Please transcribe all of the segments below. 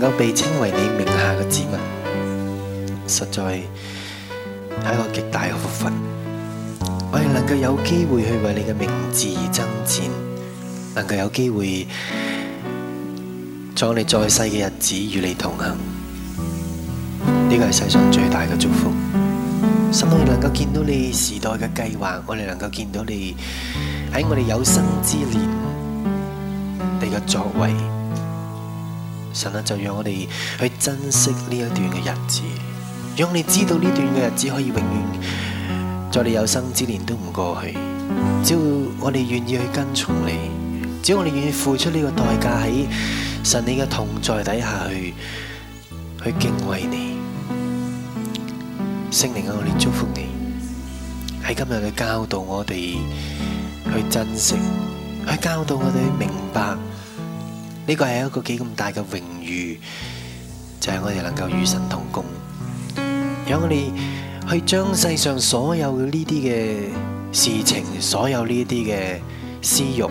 能夠被稱為你名下嘅子民，實在係一個極大嘅福分。我哋能夠有機會去為你嘅名字而爭戰，能夠有機會在我哋在世嘅日子與你同行，呢個係世上最大嘅祝福。甚至能夠見到你時代嘅計劃，我哋能夠見到你喺我哋有生之年你嘅作為。神啊，就讓我哋去珍惜呢一段嘅日子，讓我哋知道呢段嘅日子可以永遠在你有生之年都唔過去。只要我哋願意去跟從你，只要我哋願意付出呢個代價，喺神你嘅同在底下去去敬畏你。聖靈啊，我哋祝福你喺今日嘅教導我哋去珍惜，去教導我哋去明白。呢個係一個幾咁大嘅榮譽，就係我哋能夠與神同工，讓我哋去將世上所有呢啲嘅事情，所有呢啲嘅私欲，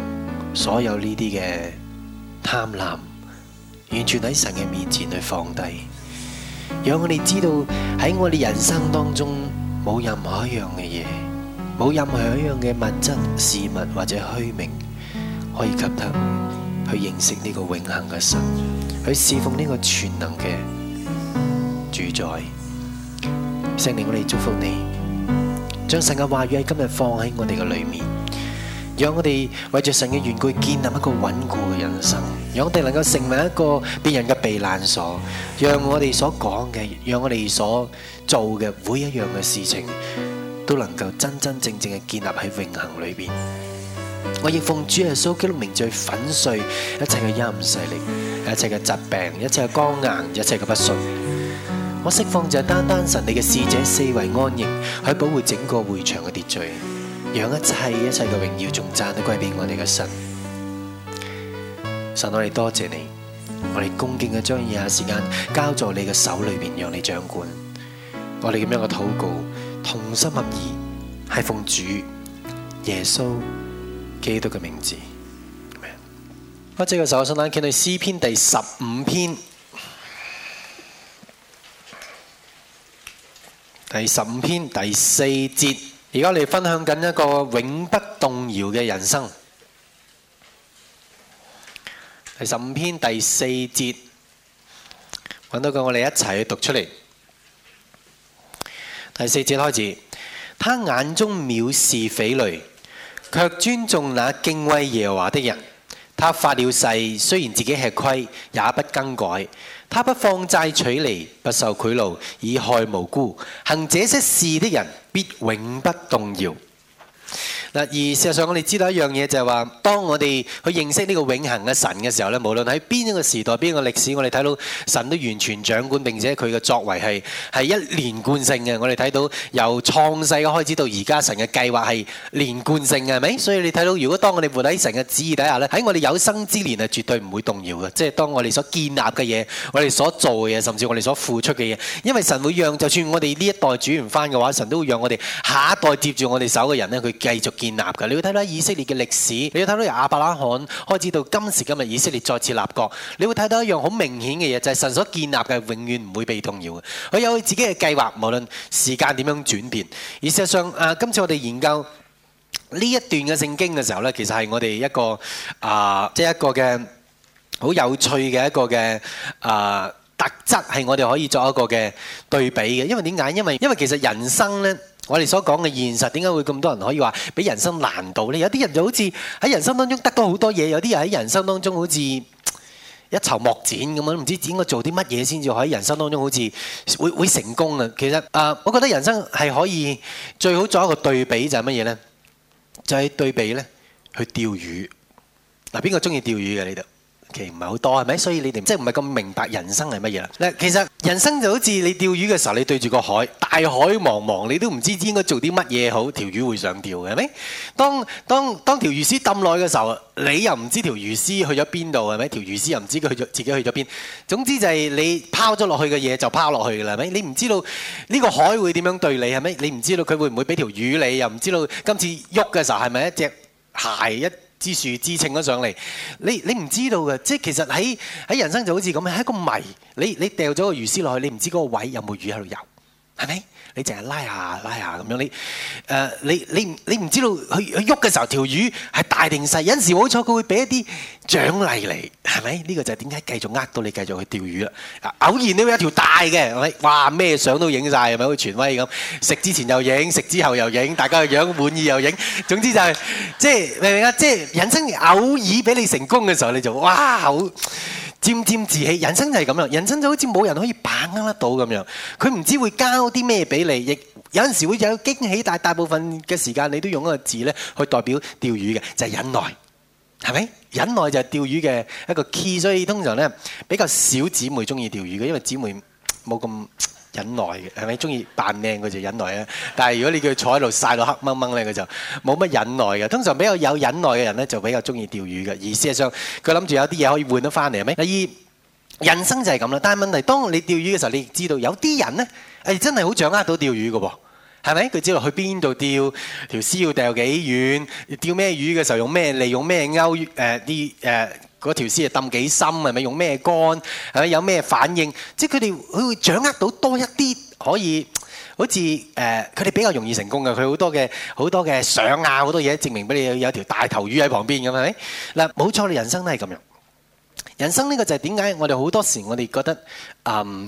所有呢啲嘅貪婪，完全喺神嘅面前去放低，讓我哋知道喺我哋人生當中冇任何一樣嘅嘢，冇任何一樣嘅物質、事物或者虛名可以及得。去認識呢個永恒嘅神，去侍奉呢個全能嘅主宰。聖靈，我哋祝福你，將神嘅話語喺今日放喺我哋嘅裏面，讓我哋為着神嘅緣故建立一個穩固嘅人生，讓我哋能夠成為一個別人嘅避難所，讓我哋所講嘅，讓我哋所做嘅每一樣嘅事情都能夠真真正正嘅建立喺永恒裏邊。我亦奉主耶穌基督名最粉碎一切嘅陰勢力，一切嘅疾病，一切嘅光硬，一切嘅不順。我釋放就係單單神你嘅使者四圍安營，去保護整個會場嘅秩序，讓一切一切嘅榮耀仲讚得歸俾我哋嘅神。神，我哋多謝你，我哋恭敬嘅將以下時間交在你嘅手裏邊，讓你掌管。我哋咁樣嘅禱告，同心合意，係奉主耶穌。基督嘅名字，好，借個手，我希望大家詩篇第十五篇，第十五篇第四節，而家我哋分享緊一個永不動搖嘅人生。第十五篇第四節，揾到佢，我哋一齊去讀出嚟。第四節開始，他眼中藐視匪類。卻尊重那敬畏耶和華的人，他發了誓，雖然自己吃虧，也不更改。他不放債取利，不受賄賂，以害無辜。行這些事的人，必永不動搖。嗱而事實上我哋知道一樣嘢就係話，當我哋去認識呢個永恆嘅神嘅時候咧，無論喺邊一個時代、邊一個歷史，我哋睇到神都完全掌管，並且佢嘅作為係係一連貫性嘅。我哋睇到由創世嘅開始到而家，神嘅計劃係連貫性嘅，係咪？所以你睇到，如果當我哋活喺神嘅旨意底下咧，喺我哋有生之年係絕對唔會動搖嘅。即係當我哋所建立嘅嘢、我哋所做嘅嘢，甚至我哋所付出嘅嘢，因為神會讓，就算我哋呢一代轉唔翻嘅話，神都會讓我哋下一代接住我哋手嘅人咧，佢繼續。建立嘅，你會睇到以色列嘅歷史，你會睇到由亞伯拉罕開始到今時今日以色列再次立國，你會睇到一樣好明顯嘅嘢，就係神所建立嘅永遠唔會被動搖嘅，佢有佢自己嘅計劃，無論時間點樣轉變。而事實上，誒今次我哋研究呢一段嘅聖經嘅時候呢，其實係我哋一個啊，即係一個嘅好有趣嘅一個嘅啊特質，係我哋可以作一個嘅對比嘅。因為點解？因為因為其實人生呢。我哋所講嘅現實點解會咁多人可以話俾人生難度呢？有啲人就好似喺人生當中得到好多嘢，有啲人喺人生當中好似一籌莫展咁樣，唔知應該做啲乜嘢先至可以人生當中好似會會成功啊！其實啊、呃，我覺得人生係可以最好作一個對比就係乜嘢呢？就係、係、對比呢，去釣魚嗱，邊個中意釣魚嘅呢度？其實唔係好多係咪？所以你哋即係唔係咁明白人生係乜嘢啦？嗱，其實人生就好似你釣魚嘅時候，你對住個海，大海茫茫，你都唔知應該做啲乜嘢好，條魚會上釣嘅係咪？當當當條魚絲揼落去嘅時候，你又唔知條魚絲去咗邊度係咪？條魚絲又唔知佢去咗自己去咗邊。總之就係你拋咗落去嘅嘢就拋落去㗎啦，係咪？你唔知道呢個海會點樣對你係咪？你唔知道佢會唔會俾條魚你？又唔知道今次喐嘅時候係咪一隻鞋一枝樹枝撐咗上嚟，你你唔知道㗎。即其實喺喺人生就好似咁，係一個謎。你你掉咗個魚絲落去，你唔知嗰個位有冇魚喺度游。係咪？你淨係拉下拉下咁樣？你誒你你唔你唔知道佢佢喐嘅時候條魚係大定細，有陣時好彩佢會俾一啲獎勵你，係咪？呢個就係點解繼續呃到你繼續去釣魚啦？偶然都有條大嘅，哇咩相都影曬，係咪好似傳威咁？食之前又影，食之後又影，大家個樣滿意又影。總之就係即係明唔明啊？即係人生偶爾俾你成功嘅時候，你就哇好！漸漸自喜，人生就係咁樣，人生就好似冇人可以把握得到咁樣。佢唔知會交啲咩俾你，亦有陣時會有驚喜，但係大部分嘅時間你都用一個字呢去代表釣魚嘅，就係、是、忍耐，係咪？忍耐就係釣魚嘅一個 key，所以通常呢，比較少姊妹中意釣魚嘅，因為姊妹冇咁。忍耐嘅，係咪？中意扮靚佢就忍耐啊！但係如果你叫佢坐喺度曬到黑掹掹咧，佢就冇乜忍耐嘅。通常比較有忍耐嘅人咧，就比較中意釣魚嘅。而事實上，佢諗住有啲嘢可以換得翻嚟係咪？第二人生就係咁啦。但係問題，當你釣魚嘅時候，你知道有啲人咧係、哎、真係好掌握到釣魚嘅噃，係咪？佢知道去邊度釣，條絲要掉幾遠，釣咩魚嘅時候用咩，利用咩勾誒啲誒。呃呃呃嗰條絲係抌幾深？係咪用咩竿？係咪有咩反應？即係佢哋佢會掌握到多一啲，可以好似誒，佢哋比較容易成功嘅。佢好多嘅好多嘅相啊，好多嘢證明俾你有條大頭魚喺旁邊咁係咪？嗱，冇錯，你人生都係咁樣。人生呢個就係點解我哋好多時我哋覺得誒，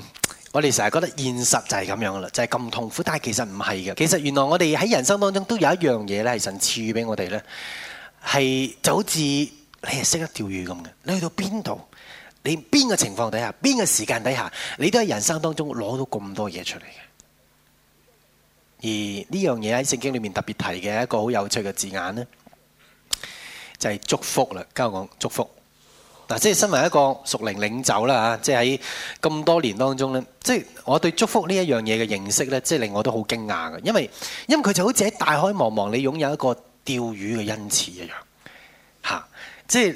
我哋成日覺得現實就係咁樣啦，就係咁痛苦。但係其實唔係嘅，其實原來我哋喺人生當中都有一樣嘢咧，係神賜予俾我哋咧，係就好似。你係識得釣魚咁嘅，你去到邊度，你邊個情況底下，邊個時間底下，你都喺人生當中攞到咁多嘢出嚟嘅。而呢樣嘢喺聖經裏面特別提嘅一個好有趣嘅字眼呢就係祝福啦。交我講祝福。嗱，即係身為一個熟齡領袖啦嚇，即係喺咁多年當中呢，即係我對祝福呢一樣嘢嘅認識呢，即係令我都好驚訝嘅，因為因為佢就好似喺大海茫茫，你擁有一個釣魚嘅恩賜一樣。即係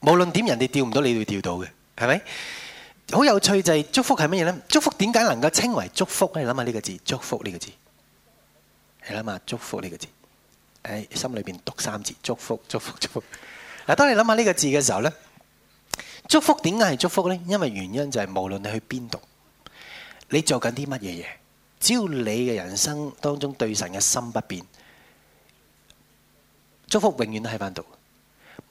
無論點人哋釣唔到，你都會釣到嘅，係咪？好有趣就係祝福係乜嘢呢？祝福點解能夠稱為祝福呢？你諗下呢個字，祝福呢個字，你諗下祝福呢個字。喺，心裏邊讀三次，祝福祝福祝福。嗱，當你諗下呢個字嘅時候呢，祝福點解係祝福呢？因為原因就係無論你去邊度，你做緊啲乜嘢嘢，只要你嘅人生當中對神嘅心不變，祝福永遠都喺翻度。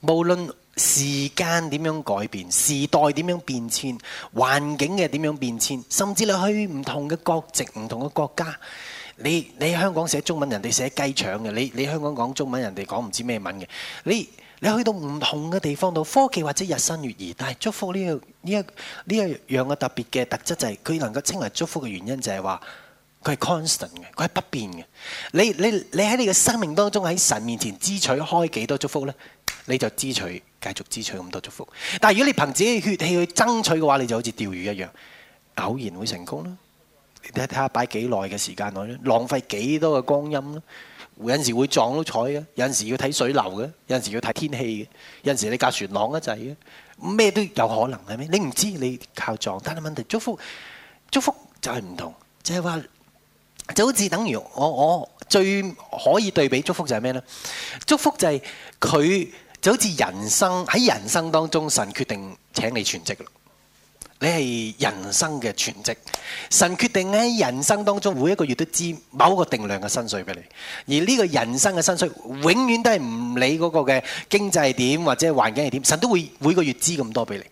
無論時間點樣改變，時代點樣變遷，環境嘅點樣變遷，甚至你去唔同嘅國籍、唔同嘅國家，你你香港寫中文，人哋寫雞腸嘅；你你香港講中文，人哋講唔知咩文嘅。你你去到唔同嘅地方度，到科技或者日新月異，但係祝福呢個呢一呢一樣嘅特別嘅特質就係、是、佢能夠稱為祝福嘅原因就係話。佢係 constant 嘅，佢係不變嘅。你你你喺你嘅生命當中，喺神面前支取開幾多祝福咧？你就支取，繼續支取咁多祝福。但係如果你憑自己血氣去爭取嘅話，你就好似釣魚一樣，偶然會成功啦。你睇睇下擺幾耐嘅時間耐咧，浪費幾多嘅光陰囉。有陣時會撞到彩呀，有陣時要睇水流嘅，有陣時要睇天氣嘅，有陣時你架船浪一陣嘅，咩都有可能係咩？你唔知，你靠撞。但係問題祝福祝福就係唔同，就係話。就好似等於我我最可以對比祝福就係咩呢？祝福就係、是、佢就好似人生喺人生當中，神決定請你全職。你係人生嘅全職，神決定喺人生當中每一個月都支某個定量嘅薪水俾你。而呢個人生嘅薪水永遠都係唔理嗰個嘅經濟係點或者環境係點，神都會每個月支咁多俾你。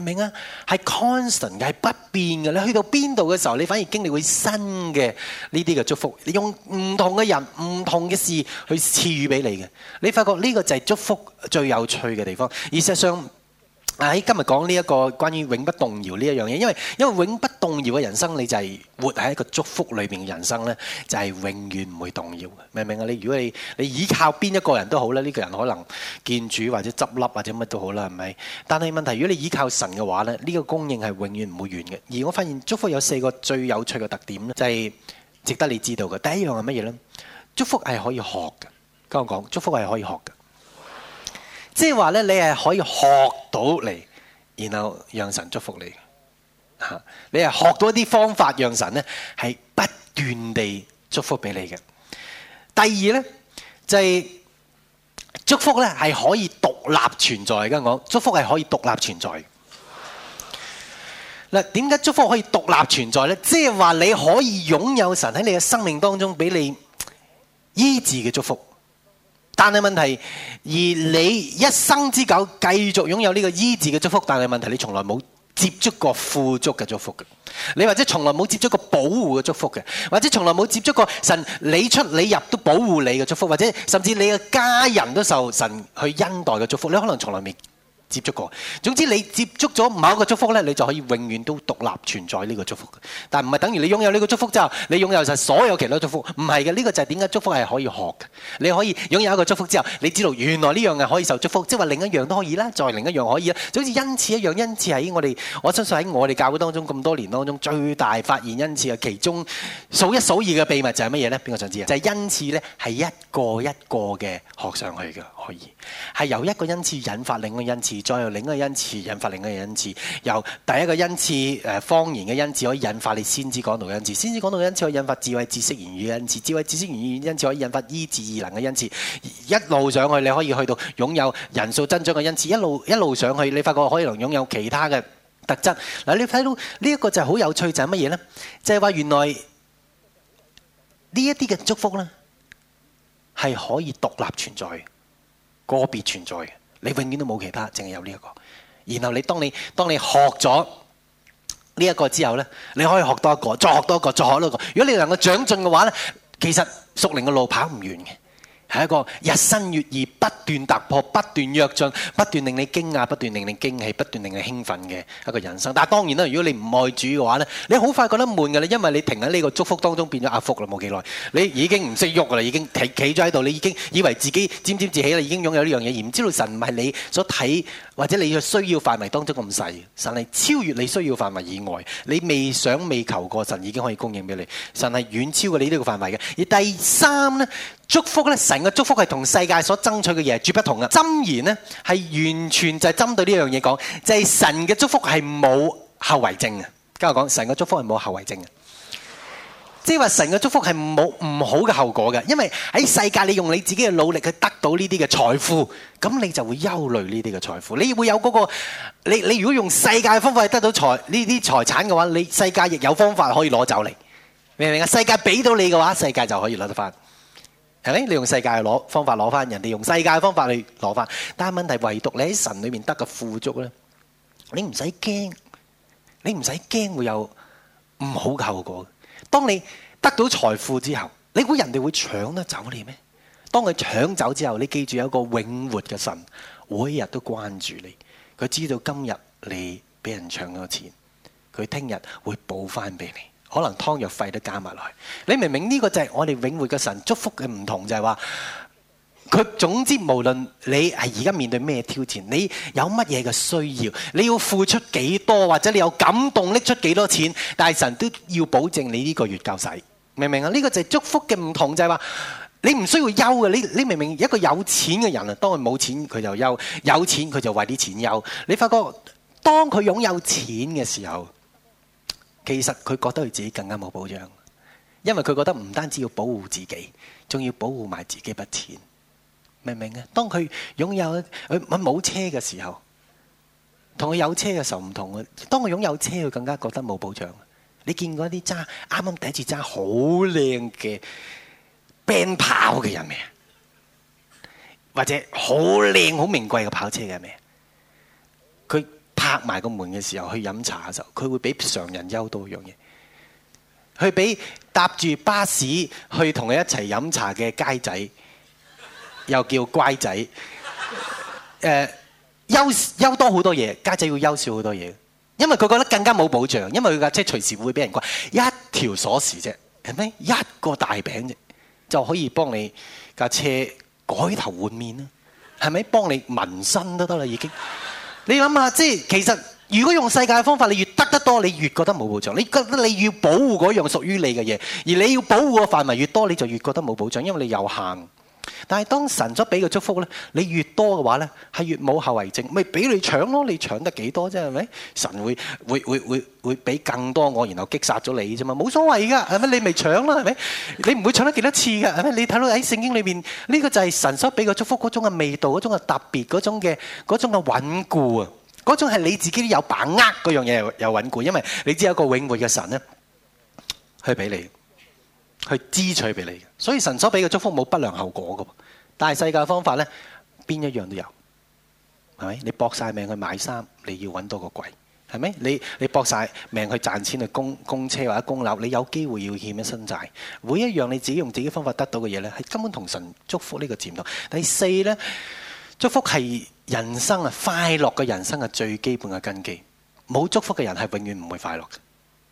明唔明啊？係 constant，係不變嘅。你去到邊度嘅時候，你反而經歷會新嘅呢啲嘅祝福。你用唔同嘅人、唔同嘅事去賜予俾你嘅，你發覺呢個就係祝福最有趣嘅地方。而事實上，喺、哎、今日講呢一個關於永不動搖呢一樣嘢，因為因為永不動搖嘅人生，你就係活喺一個祝福裏面嘅人生咧，就係、是、永遠唔會動搖嘅，明唔明啊？你如果你你倚靠邊一個人都好啦，呢、這個人可能見主或者執笠或者乜都好啦，係咪？但係問題如果你依靠神嘅話咧，呢、這個供應係永遠唔會完嘅。而我發現祝福有四個最有趣嘅特點咧，就係、是、值得你知道嘅。第一樣係乜嘢咧？祝福係可以學嘅，跟我講，祝福係可以學嘅。即係話咧，你係可以學到嚟，然後讓神祝福你。吓，你係學到一啲方法，讓神咧係不斷地祝福俾你嘅。第二咧就係、是、祝福咧係可以獨立存在嘅，我祝福係可以獨立存在嘅。嗱，點解祝福可以獨立存在咧？即係話你可以擁有神喺你嘅生命當中俾你醫治嘅祝福。但係問題，而你一生之久繼續擁有呢個醫治嘅祝福，但係問題你從來冇接觸過富足嘅祝福嘅，你或者從來冇接觸過保護嘅祝福嘅，或者從來冇接觸過神你出你入都保護你嘅祝福，或者甚至你嘅家人都受神去恩待嘅祝福，你可能從來未。接觸過，總之你接觸咗某一個祝福呢，你就可以永遠都獨立存在呢個祝福。但唔係等於你擁有呢個祝福之後，你擁有晒所有其他祝福。唔係嘅，呢個就係點解祝福係可以學嘅。你可以擁有一個祝福之後，你知道原來呢樣係可以受祝福，即係話另一樣都可以啦，再另一樣可以啦。就好似恩賜一樣，恩賜喺我哋，我相信喺我哋教會當中咁多年當中最大發現恩賜嘅其中數一數二嘅秘密就係乜嘢呢？邊個想知啊？就係恩賜呢係一個一個嘅學上去嘅，可以係由一個恩賜引發另一個恩賜。再由另一個恩賜引發另一個恩賜，由第一個恩賜誒方、呃、言嘅恩賜可以引發你先知講道恩賜，先知講道恩賜可以引發智慧知識言語嘅恩賜，智慧知識言語嘅恩賜可以引發醫治異能嘅恩賜，一路上去你可以去到擁有人數增長嘅恩賜，一路一路上去你發覺可以能擁有其他嘅特質。嗱，你睇到呢一個就係好有趣，就係乜嘢呢？就係、是、話原來呢一啲嘅祝福呢，係可以獨立存在，個別存在。你永遠都冇其他，淨係有呢一個。然後你當你當你學咗呢一個之後呢，你可以學多一個，再學多一個，再學多一個。如果你能夠長進嘅話呢，其實熟練的路跑唔完的。係一個日新月異、不斷突破、不斷躍進、不斷令你驚訝、不斷令你驚喜、不斷令你興奮嘅一個人生。但係當然啦，如果你唔愛主嘅話咧，你好快覺得悶㗎喇，因為你停喺呢個祝福當中變咗壓服啦，冇幾耐，你已經唔識喐㗎喇，已經企企咗喺度，你已經以為自己沾沾自喜啦，已經擁有呢樣嘢，而唔知道神唔係你所睇。或者你嘅需要範圍當中咁細，神係超越你需要範圍以外，你未想未求過，神已經可以供應俾你。神係遠超過你呢個範圍嘅。而第三呢，祝福呢，神嘅祝福係同世界所爭取嘅嘢絕不同嘅。箴言係完全就係針對呢樣嘢講，就係、是、神嘅祝福係冇後遺症嘅。跟我講，神嘅祝福係冇後遺症嘅。即係話神嘅祝福係冇唔好嘅後果嘅，因為喺世界你用你自己嘅努力去得到呢啲嘅財富，咁你就會憂慮呢啲嘅財富，你會有嗰個你你如果用世界嘅方法去得到財呢啲財產嘅話，你世界亦有方法可以攞走你，明唔明啊？世界俾到你嘅話，世界就可以攞得翻，係咪？你用世界嘅攞方法攞翻，人哋用世界嘅方法去攞翻，但係問題唯獨你喺神裏面得嘅富足咧，你唔使驚，你唔使驚會有唔好嘅後果。當你得到財富之後，你估人哋會搶得走你咩？當佢搶走之後，你記住有個永活嘅神，每日都關注你，佢知道今日你俾人搶咗錢，佢聽日會補翻俾你，可能湯藥費都加埋落去。你明明呢個就係我哋永活嘅神祝福嘅唔同，就係話。佢總之無論你係而家面對咩挑戰，你有乜嘢嘅需要，你要付出幾多，或者你有感動拎出幾多錢，大神都要保證你呢個月夠使，明唔明啊？呢個就係祝福嘅唔同，就係話你唔需要憂嘅。你你明明一個有錢嘅人啊，當佢冇錢佢就憂，有錢佢就為啲錢憂。你發覺當佢擁有錢嘅時候，其實佢覺得佢自己更加冇保障，因為佢覺得唔單止要保護自己，仲要保護埋自己筆錢。明唔明啊？當佢擁有佢冇車嘅時候，同佢有車嘅時候唔同嘅。當佢擁有車，佢更加覺得冇保障。你見過啲揸啱啱第一次揸好靚嘅邊跑嘅人未啊？或者好靚好名貴嘅跑車嘅人未啊？佢拍埋個門嘅時候去飲茶嘅時候，佢會比常人優多樣嘢。佢比搭住巴士去同佢一齊飲茶嘅街仔。又叫乖仔，誒、呃、多好多嘢，家仔要休少好多嘢，因為佢覺得更加冇保障，因為佢架車隨時會俾人刮一條鎖匙啫，係咪一個大餅啫，就可以幫你架車改頭換面啦，係咪幫你紋身都得啦已經？你諗下，即係其實如果用世界嘅方法，你越得得多，你越覺得冇保障。你覺得你要保護嗰樣屬於你嘅嘢，而你要保護嘅範圍越多，你就越覺得冇保障，因為你有限。但係當神所俾嘅祝福咧，你越多嘅話咧，係越冇後遺症。咪俾你搶咯，你搶得幾多啫？係咪？神會會會會會俾更多我，然後擊殺咗你啫嘛？冇所謂噶，係咪？你咪搶咯，係咪？你唔會搶得幾多次噶？係咪？你睇到喺聖經裏面，呢個就係神所俾嘅祝福嗰種嘅味道，嗰種嘅特別，嗰種嘅嗰種嘅穩固啊，嗰種係你自己有把握嗰樣嘢有又穩固，因為你知有一個永活嘅神咧去俾你。去支取俾你嘅，所以神所俾嘅祝福冇不良後果嘅。但係世界的方法呢，邊一樣都有，係咪？你搏晒命去買衫，你要揾多個櫃，係咪？你你搏晒命去賺錢去供供車或者供樓，你有機會要欠一身債。每一樣你自己用自己的方法得到嘅嘢呢，係根本同神祝福呢個前途。第四呢，祝福係人生啊，快樂嘅人生嘅最基本嘅根基。冇祝福嘅人係永遠唔會快樂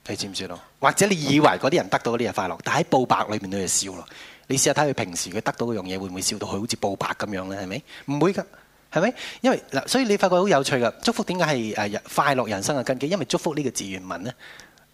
你知唔知咯？或者你以為嗰啲人得到嗰啲嘢快樂，但喺報白裏面都係笑咯。你試下睇佢平時佢得到嗰樣嘢會唔會笑到佢好似報白咁樣咧？係咪？唔會㗎，係咪？因為嗱，所以你發覺好有趣㗎。祝福點解係誒快樂人生嘅根基？因為祝福呢個字原文咧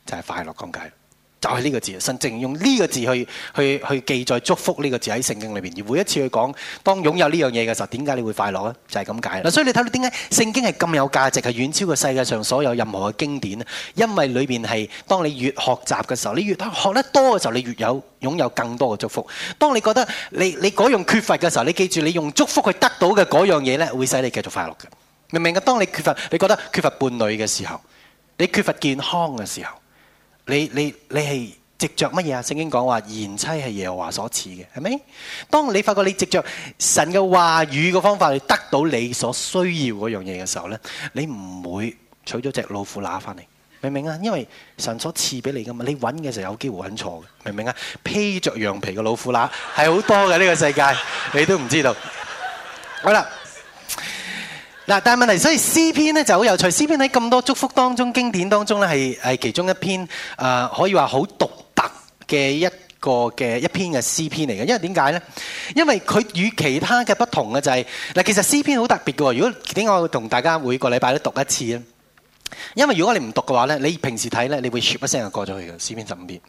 就係、是、快樂講解。就係呢個字啊！神正用呢個字去去去記載祝福呢個字喺聖經裏邊，而每一次去講，當擁有呢樣嘢嘅時候，點解你會快樂咧？就係咁解。嗱，所以你睇到點解聖經係咁有價值，係遠超過世界上所有任何嘅經典咧？因為裏邊係當你越學習嘅時候，你越學得多嘅時候，你越有擁有更多嘅祝福。當你覺得你你嗰樣缺乏嘅時候，你記住你用祝福去得到嘅嗰樣嘢呢，會使你繼續快樂嘅。明唔明啊？當你缺乏你覺得缺乏伴侶嘅時候，你缺乏健康嘅時候。你你你係藉著乜嘢啊？聖經講話，賢妻係耶和華所賜嘅，係咪？當你發覺你藉著神嘅話語嘅方法嚟得到你所需要嗰樣嘢嘅時候咧，你唔會娶咗隻老虎乸返嚟，明唔明啊？因為神所賜俾你噶嘛，你揾嘅時候有機會揾錯嘅，明唔明啊？披著羊皮嘅老虎乸係好多㗎。呢個世界，你都唔知道。好啦。嗱，但係問題是，所以詩篇咧就好有趣。詩篇喺咁多祝福當中、經典當中咧，係係其中一篇，誒、呃、可以話好獨特嘅一個嘅一篇嘅詩篇嚟嘅。因為點解咧？因為佢與其他嘅不同嘅就係、是、嗱，其實詩篇好特別嘅喎。如果點解我同大家每個禮拜都讀一次咧？因為如果你唔讀嘅話咧，你平時睇咧，你會唰一聲就過咗去嘅詩篇十五篇。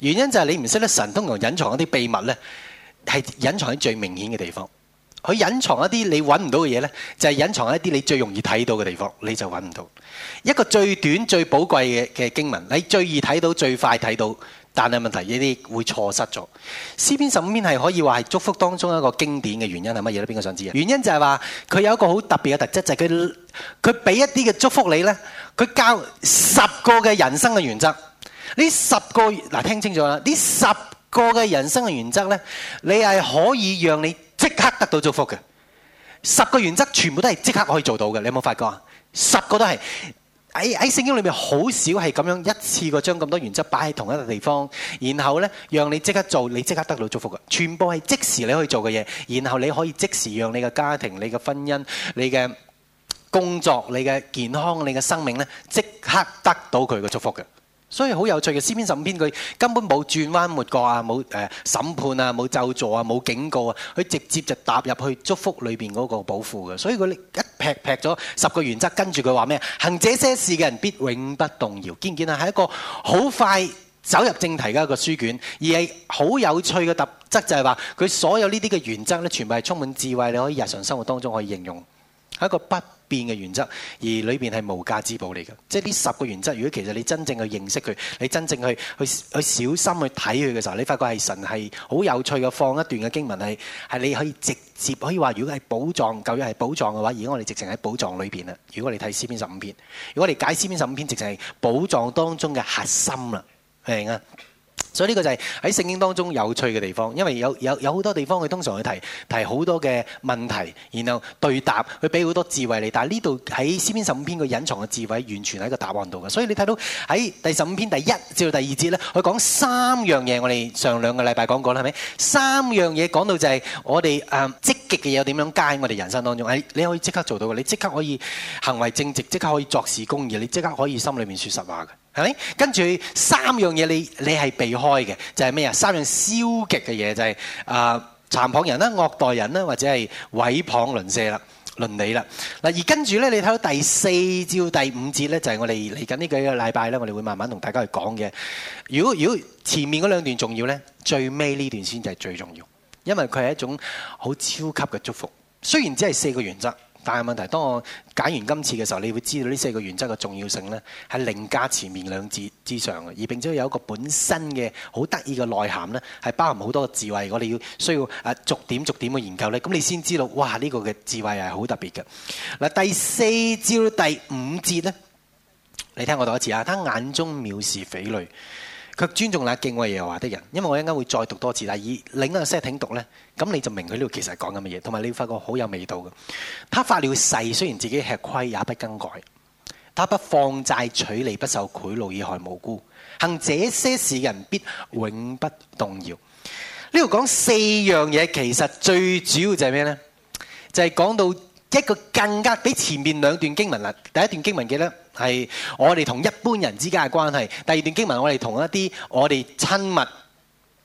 原因就係你唔識得神通同隱藏一啲秘密咧，係隱藏喺最明顯嘅地方。佢隱藏一啲你揾唔到嘅嘢呢，就係隱藏一啲你最容易睇到嘅地方，你就揾唔到。一個最短、最寶貴嘅嘅經文，你最易睇到、最快睇到，但係問題呢啲會錯失咗。詩篇十五篇係可以話係祝福當中一個經典嘅原因係乜嘢呢？邊個想知啊？原因就係話佢有一個好特別嘅特質，就係佢佢俾一啲嘅祝福你呢，佢教十個嘅人生嘅原則。呢十個嗱聽清楚啦，呢十。個嘅人生嘅原則呢，你係可以讓你即刻得到祝福嘅。十個原則全部都係即刻可以做到嘅。你有冇發覺啊？十個都係喺喺聖經裏面好少係咁樣一次過將咁多原則擺喺同一個地方，然後呢，讓你即刻做，你即刻得到祝福嘅。全部係即時你可以做嘅嘢，然後你可以即時讓你嘅家庭、你嘅婚姻、你嘅工作、你嘅健康、你嘅生命呢，即刻得到佢嘅祝福嘅。所以好有趣嘅，詩篇十五篇佢根本冇轉彎抹角啊，冇誒審判啊，冇咒詛啊，冇警告啊，佢直接就踏入去祝福裏邊嗰個保護嘅。所以佢一劈劈咗十個原則，跟住佢話咩？行這些事嘅人必永不動搖。見唔見啊？係一個好快走入正題嘅一個書卷，而係好有趣嘅特質就係話，佢所有呢啲嘅原則咧，全部係充滿智慧，你可以日常生活當中可以應用。係一個不變嘅原則，而裏邊係無價之寶嚟嘅。即係呢十個原則，如果其實你真正去認識佢，你真正去去去小心去睇佢嘅時候，你發覺係神係好有趣嘅放一段嘅經文，係係你可以直接可以話，如果係寶藏究竟係寶藏嘅話，而家我哋直情喺寶藏裏邊啦。如果你睇詩篇十五篇，如果你解詩篇十五篇，直情係寶藏當中嘅核心啦，明啊？所以呢個就係喺聖經當中有趣嘅地方，因為有有有好多地方佢通常去提提好多嘅問題，然後對答，佢俾好多智慧你。但係呢度喺詩篇十五篇佢隱藏嘅智慧，完全喺個答案度嘅。所以你睇到喺第十五篇第一至到第二節咧，佢講三樣嘢，我哋上兩個禮拜講過啦，係咪？三樣嘢講到就係我哋誒積極嘅嘢點樣加喺我哋人生當中。你可以即刻做到嘅，你即刻可以行為正直，即刻可以作事公義，你即刻可以心裏面説實話嘅。係咪？跟住三樣嘢，你你係避開嘅，就係咩啊？三樣消極嘅嘢，就係、是、啊，讒、呃、謗人啦，惡待人啦，或者係毀謗鄰舍啦、鄰里啦。嗱，而跟住呢，你睇到第四至第五節呢，就係、是、我哋嚟緊呢幾個禮拜呢，我哋會慢慢同大家去講嘅。如果如果前面嗰兩段重要呢，最尾呢段先至係最重要，因為佢係一種好超級嘅祝福，雖然只係四個原則。但係問題，當我解完今次嘅時候，你會知道呢四個原則嘅重要性呢，係凌駕前面兩節之上嘅，而並且有一個本身嘅好得意嘅內涵呢，係包含好多嘅智慧。我哋要需要啊逐點逐點去研究咧，咁你先知道，哇！呢、這個嘅智慧係好特別嘅。嗱，第四招第五節呢，你聽我讀一次啊，他眼中藐視匪類，卻尊重那敬畏耶和華的人，因為我一陣間會再讀多次，但係以另一個 setting 讀咧，咁你就明佢呢度其實講緊乜嘢，同埋你會發覺好有味道嘅。他發了誓，雖然自己吃虧也不更改，他不放債取利，不受賄賂以害無辜，行這些事的人必永不動搖。呢度講四樣嘢，其實最主要就係咩咧？就係講到一個更加比前面兩段經文啦，第一段經文記得。係我哋同一般人之間嘅關係。第二段經文，我哋同一啲我哋親密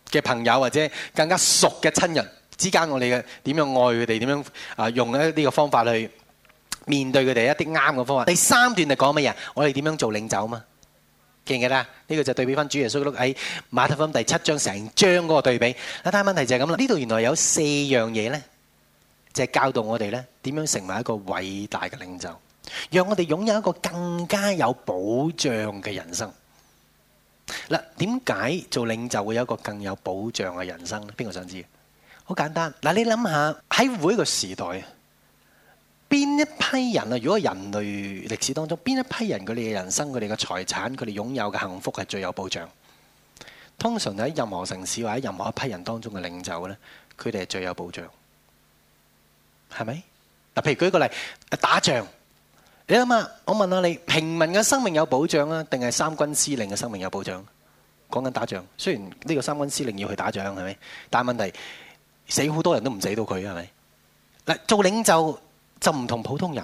嘅朋友或者更加熟嘅親人之間，我哋嘅點樣愛佢哋，點樣啊用一啲嘅方法去面對佢哋一啲啱嘅方法。第三段係講乜嘢？我哋點樣做領袖嘛？記唔記得？呢個就對比翻主耶穌喺馬太福音第七章成章嗰個對比。嗱，但係問題就係咁啦。呢度原來有四樣嘢咧，就係教導我哋咧點樣成為一個偉大嘅領袖。讓我哋擁有一個更加有保障嘅人生。嗱，點解做領袖會有一個更有保障嘅人生咧？邊個想知？好簡單。嗱，你諗下喺每一個時代，邊一批人啊？如果人類歷史當中，邊一批人佢哋嘅人生、佢哋嘅財產、佢哋擁有嘅幸福係最有保障？通常喺任何城市或者任何一批人當中嘅領袖咧，佢哋係最有保障，係咪？嗱，譬如舉一個例，打仗。你諗下，我問下你，平民嘅生命有保障啊，定係三軍司令嘅生命有保障？講緊打仗，雖然呢個三軍司令要去打仗，係咪？但問題，死好多人都唔死到佢，係咪？做領袖就唔同普通人。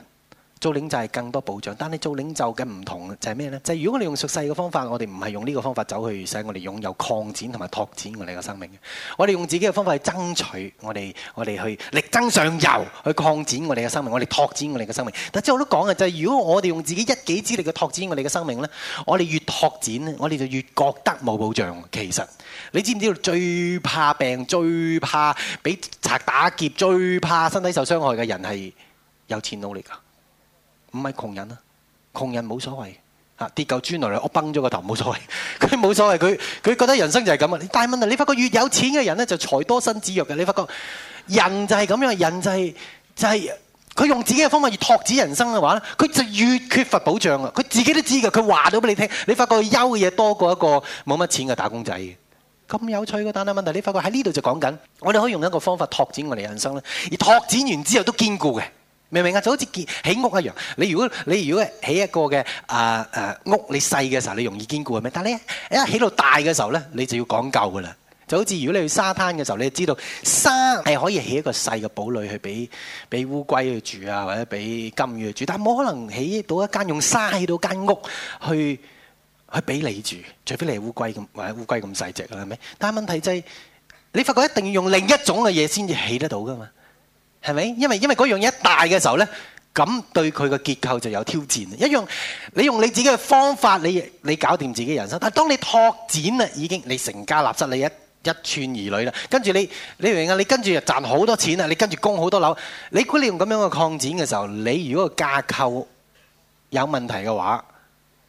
做領袖係更多保障，但係做領袖嘅唔同就係咩呢？就係、是、如果我哋用俗世嘅方法，我哋唔係用呢個方法走去使我哋擁有擴展同埋拓展我哋嘅生命。我哋用自己嘅方法去爭取，我哋我哋去力爭上游，去擴展我哋嘅生命，我哋拓展我哋嘅生命。但係即我都講嘅就係、是，如果我哋用自己一己之力去拓展我哋嘅生命呢，我哋越拓展呢，我哋就越覺得冇保障。其實你知唔知道最怕病、最怕俾賊打劫、最怕身體受傷害嘅人係有錢佬嚟㗎？唔係窮人啊，窮人冇所謂嘅、啊、跌嚿磚落嚟，我崩咗個頭冇所謂，佢冇所謂，佢佢覺得人生就係咁啊！但係問題，你發覺越有錢嘅人咧，就財多身子弱嘅，你發覺人就係咁樣，人就係、是、就係、是、佢用自己嘅方法去拓展人生嘅話咧，佢就越缺乏保障啊！佢自己都知㗎，佢話到俾你聽，你發覺憂嘅嘢多過一個冇乜錢嘅打工仔嘅，咁有趣嘅，但係問題，你發覺喺呢度就講緊，我哋可以用一個方法拓展我哋人生咧，而拓展完之後都堅固嘅。明唔明啊？就好似建起屋一樣，你如果你如果起一個嘅啊誒屋，你細嘅時候你容易堅固係咩？但係你一起到大嘅時候咧，你就要講究㗎啦。就好似如果你去沙灘嘅時候，你就知道沙係可以起一個細嘅堡壘去俾俾烏龜去住啊，或者俾金魚去住，但係冇可能起到一間用沙起到間屋去去俾你住，除非你係烏龜咁或者烏龜咁細隻啦，係咪？但係問題就係你發覺一定要用另一種嘅嘢先至起得到㗎嘛。係咪？因為因為嗰樣嘢大嘅時候呢，咁對佢個結構就有挑戰。一樣，你用你自己嘅方法，你你搞掂自己人生。但係當你拓展啦，已經你成家立室，你一一串兒女啦，跟住你你明啊？你跟住又賺好多錢啦，你跟住供好多樓。你估你用咁樣嘅擴展嘅時候，你如果個架構有問題嘅話，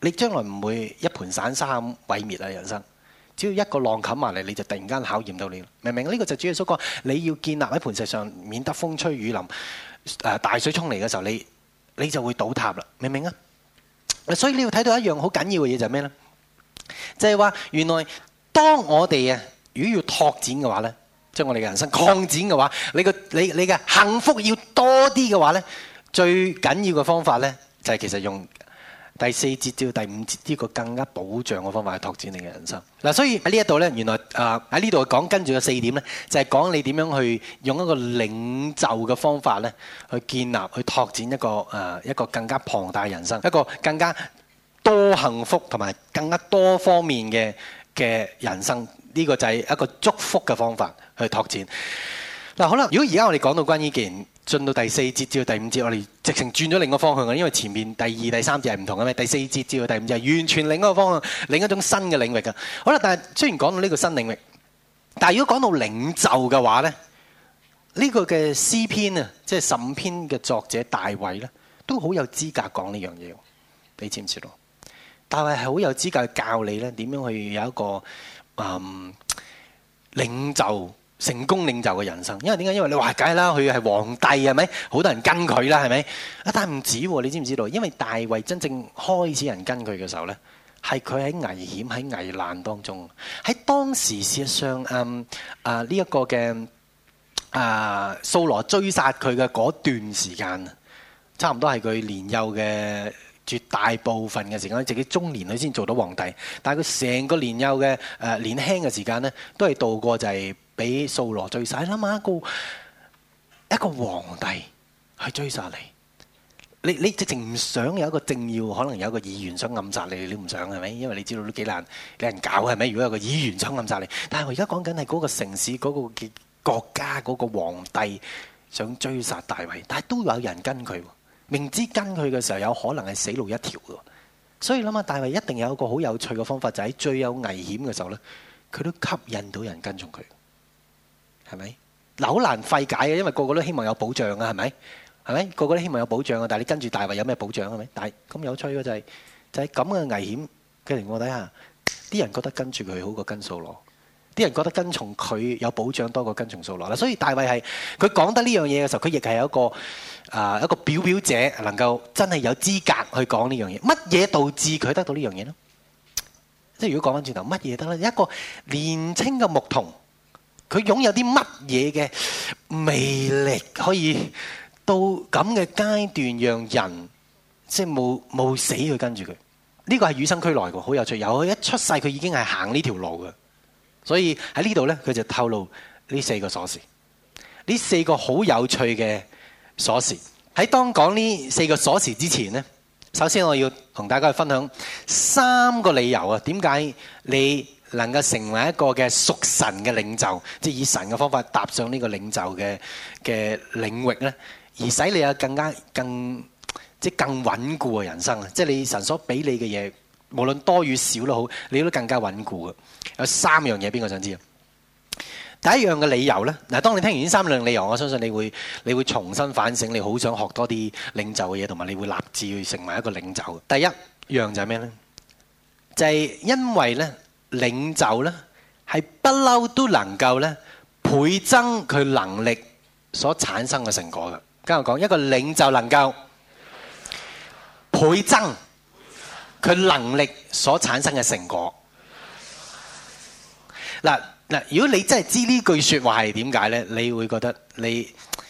你將來唔會一盤散沙咁毀滅啊人生。只要一個浪冚埋嚟，你就突然間考驗到你啦，明唔明？呢、這個就是主要所講，你要建立喺磐石上，免得風吹雨淋，誒、呃、大水沖嚟嘅時候，你你就會倒塌啦，明唔明啊？所以你要睇到一樣好緊要嘅嘢就係咩呢？就係、是、話原來當我哋啊，如果要拓展嘅話呢，將我哋嘅人生擴展嘅話，你嘅你你嘅幸福要多啲嘅話呢，最緊要嘅方法呢，就係、是、其實用。第四節至到第五節呢、這個更加保障嘅方法去拓展你嘅人生。嗱、啊，所以喺呢一度呢，原來啊喺呢度講跟住嘅四點呢，就係、是、講你點樣去用一個領袖嘅方法呢，去建立、去拓展一個啊、呃、一個更加龐大嘅人生，一個更加多幸福同埋更加多方面嘅嘅人生。呢、這個就係一個祝福嘅方法去拓展。嗱、啊，好啦，如果而家我哋講到關於呢件。進到第四節至到第五節，我哋直情轉咗另一個方向啊！因為前面第二、第三節係唔同嘅咩？第四節至到第五節係完全另一個方向、另一種新嘅領域㗎。好啦，但係雖然講到呢個新領域，但係如果講到領袖嘅話咧，呢、這個嘅詩篇啊，即係《審篇》嘅作者大衛咧，都好有資格講呢樣嘢。你知唔知咯？大衛係好有資格去教你咧點樣去有一個嗯領袖。成功領袖嘅人生，因為點解？因為你話梗係啦，佢係皇帝係咪？好多人跟佢啦係咪？一但唔止喎，你知唔知道？因為大衛真正開始人跟佢嘅時候呢，係佢喺危險、喺危難當中。喺當時事實上，嗯啊呢一個嘅啊、呃、蘇羅追殺佢嘅嗰段時間，差唔多係佢年幼嘅絕大部分嘅時間，自己中年佢先做到皇帝。但係佢成個年幼嘅誒、呃、年輕嘅時間呢，都係度過就係、是。俾掃羅追殺啦嘛，一個一個皇帝去追殺你，你你直情唔想有一個政要，可能有一個議員想暗殺你，你唔想係咪？因為你知道都幾難俾人搞係咪？如果有一個議員想暗殺你，但係我而家講緊係嗰個城市嗰個國家嗰個皇帝想追殺大衛，但係都有人跟佢，明知跟佢嘅時候有可能係死路一條嘅，所以諗下大衛一定有一個好有趣嘅方法，就係最有危險嘅時候咧，佢都吸引到人跟從佢。係咪？嗱，好難費解嘅，因為個個都希望有保障啊，係咪？係咪？個個都希望有保障啊，但係你跟住大衞有咩保障啊？係咪？但係咁有趣嘅就係，就喺咁嘅危險嘅情況底下，啲人覺得跟住佢好過跟掃羅，啲人覺得跟從佢有保障多過跟從掃羅。嗱，所以大衞係佢講得呢樣嘢嘅時候，佢亦係有一個啊一個表表者，能夠真係有資格去講呢樣嘢。乜嘢導致佢得到呢樣嘢咧？即係如果講翻轉頭，乜嘢得咧？一個年輕嘅牧童。佢擁有啲乜嘢嘅魅力，可以到咁嘅階段，讓人即係冒冒死去跟住佢。呢個係與生俱來嘅，好有趣。由佢一出世佢已經係行呢條路嘅，所以喺呢度咧，佢就透露呢四個鎖匙。呢四個好有趣嘅鎖匙。喺當講呢四個鎖匙之前咧，首先我要同大家去分享三個理由啊。點解你？能夠成為一個嘅屬神嘅領袖，即係以神嘅方法踏上呢個領袖嘅嘅領域咧，而使你有更加更即係更穩固嘅人生啊！即係你神所俾你嘅嘢，無論多與少都好，你都更加穩固嘅。有三樣嘢，邊個想知啊？第一樣嘅理由呢？嗱，當你聽完呢三樣理由，我相信你會你會重新反省，你好想學多啲領袖嘅嘢，同埋你會立志去成為一個領袖。第一樣就係咩呢？就係因為呢。領袖呢係不嬲都能夠呢，倍增佢能力所產生嘅成果嘅。跟我講，一個領袖能夠倍增佢能力所產生嘅成果。嗱，嗱，如果你真係知呢句說話係點解呢，你會覺得你。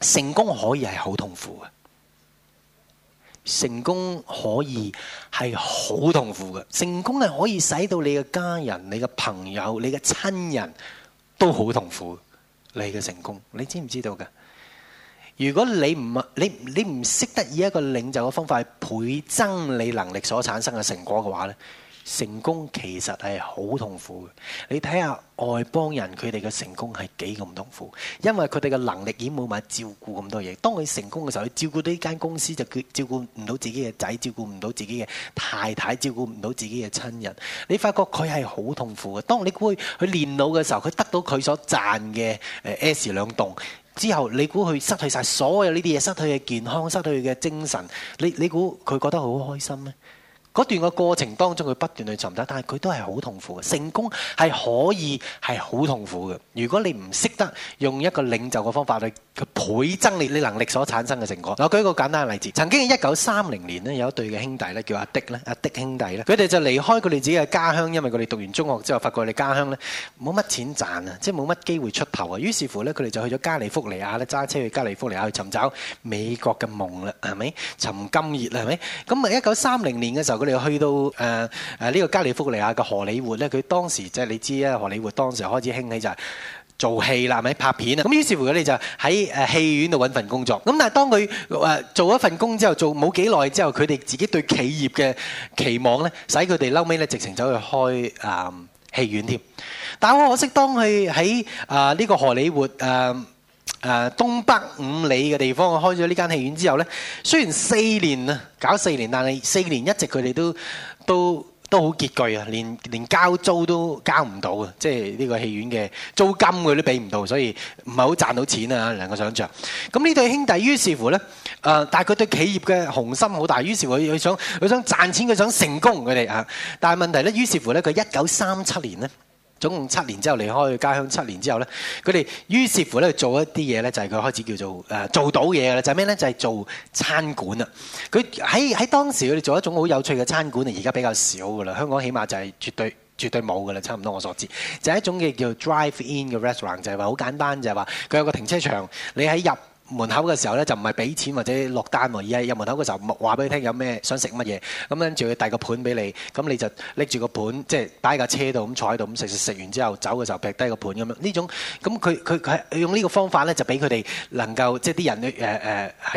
成功可以係好痛苦嘅，成功可以係好痛苦嘅。成功係可以使到你嘅家人、你嘅朋友、你嘅親人都好痛苦的。你嘅成功，你知唔知道㗎？如果你唔你你唔識得以一個領袖嘅方法去倍增你能力所產生嘅成果嘅話咧？成功其實係好痛苦嘅，你睇下外邦人，佢哋嘅成功係幾咁痛苦，因為佢哋嘅能力已經冇埋照顧咁多嘢。當佢成功嘅時候，佢照顧到呢間公司就照顧唔到自己嘅仔，照顧唔到自己嘅太太，照顧唔到自己嘅親人。你發覺佢係好痛苦嘅。當你估佢佢練腦嘅時候，佢得到佢所賺嘅誒 S 兩棟之後，你估佢失去晒所有呢啲嘢，失去嘅健康，失去嘅精神，你你估佢覺得好開心咩？嗰段嘅過程當中，佢不斷去尋找，但係佢都係好痛苦嘅。成功係可以係好痛苦嘅。如果你唔識得用一個領袖嘅方法去倍增你你能力所產生嘅成果。我舉個簡單嘅例子，曾經喺一九三零年咧有一對嘅兄弟咧叫阿迪咧阿迪兄弟咧，佢哋就離開佢哋自己嘅家鄉，因為佢哋讀完中學之後發覺佢哋家鄉咧冇乜錢賺啊，即係冇乜機會出頭啊。於是乎咧，佢哋就去咗加利福尼亞咧揸車去加利福尼亞去尋找美國嘅夢啦，係咪尋金熱啦，係咪？咁啊一九三零年嘅時候。我哋去到誒誒呢個加利福尼亞嘅荷里活咧，佢當時即係你知啊，荷里活當時開始興起就係做戲啦，咪拍片啊。咁於是乎佢哋就喺誒戲院度搵份工作。咁但係當佢誒做咗份工之後，做冇幾耐之後，佢哋自己對企業嘅期望咧，使佢哋後尾咧直情走去開誒戲院添。但係我可惜，當佢喺誒呢個荷里活誒。誒東北五里嘅地方，我開咗呢間戲院之後呢，雖然四年啊，搞四年，但係四年一直佢哋都都都好拮據啊，連連交租都交唔到啊。即係呢個戲院嘅租金佢都俾唔到，所以唔係好賺到錢啊，難個想像。咁呢對兄弟於是乎呢，誒、啊，但係佢對企業嘅雄心好大，於是乎佢想佢想賺錢，佢想成功，佢哋啊。但係問題呢，於是乎呢，佢一九三七年呢。總共七年之後離開佢家鄉，七年之後呢，佢哋於是乎呢做一啲嘢呢，就係佢開始叫做誒做到嘢啦，就係咩呢？就係做餐館啊。佢喺喺當時佢哋做一種好有趣嘅餐館，而家比較少噶啦。香港起碼就係絕對絕對冇噶啦，差唔多我所知，就係一種嘅叫 drive-in 嘅 restaurant，就係話好簡單，就係話佢有個停車場，你喺入門口嘅時候咧，就唔係俾錢或者落單喎，而係入門口嘅時，時候，話俾你聽有咩想食乜嘢，咁跟住佢遞個盤俾你，咁你就拎住個盤，即係擺喺架車度，咁坐喺度，咁食食完之後走嘅時候劈低個盤咁樣。呢種咁佢佢佢用呢個方法咧，就俾佢哋能夠即係啲人誒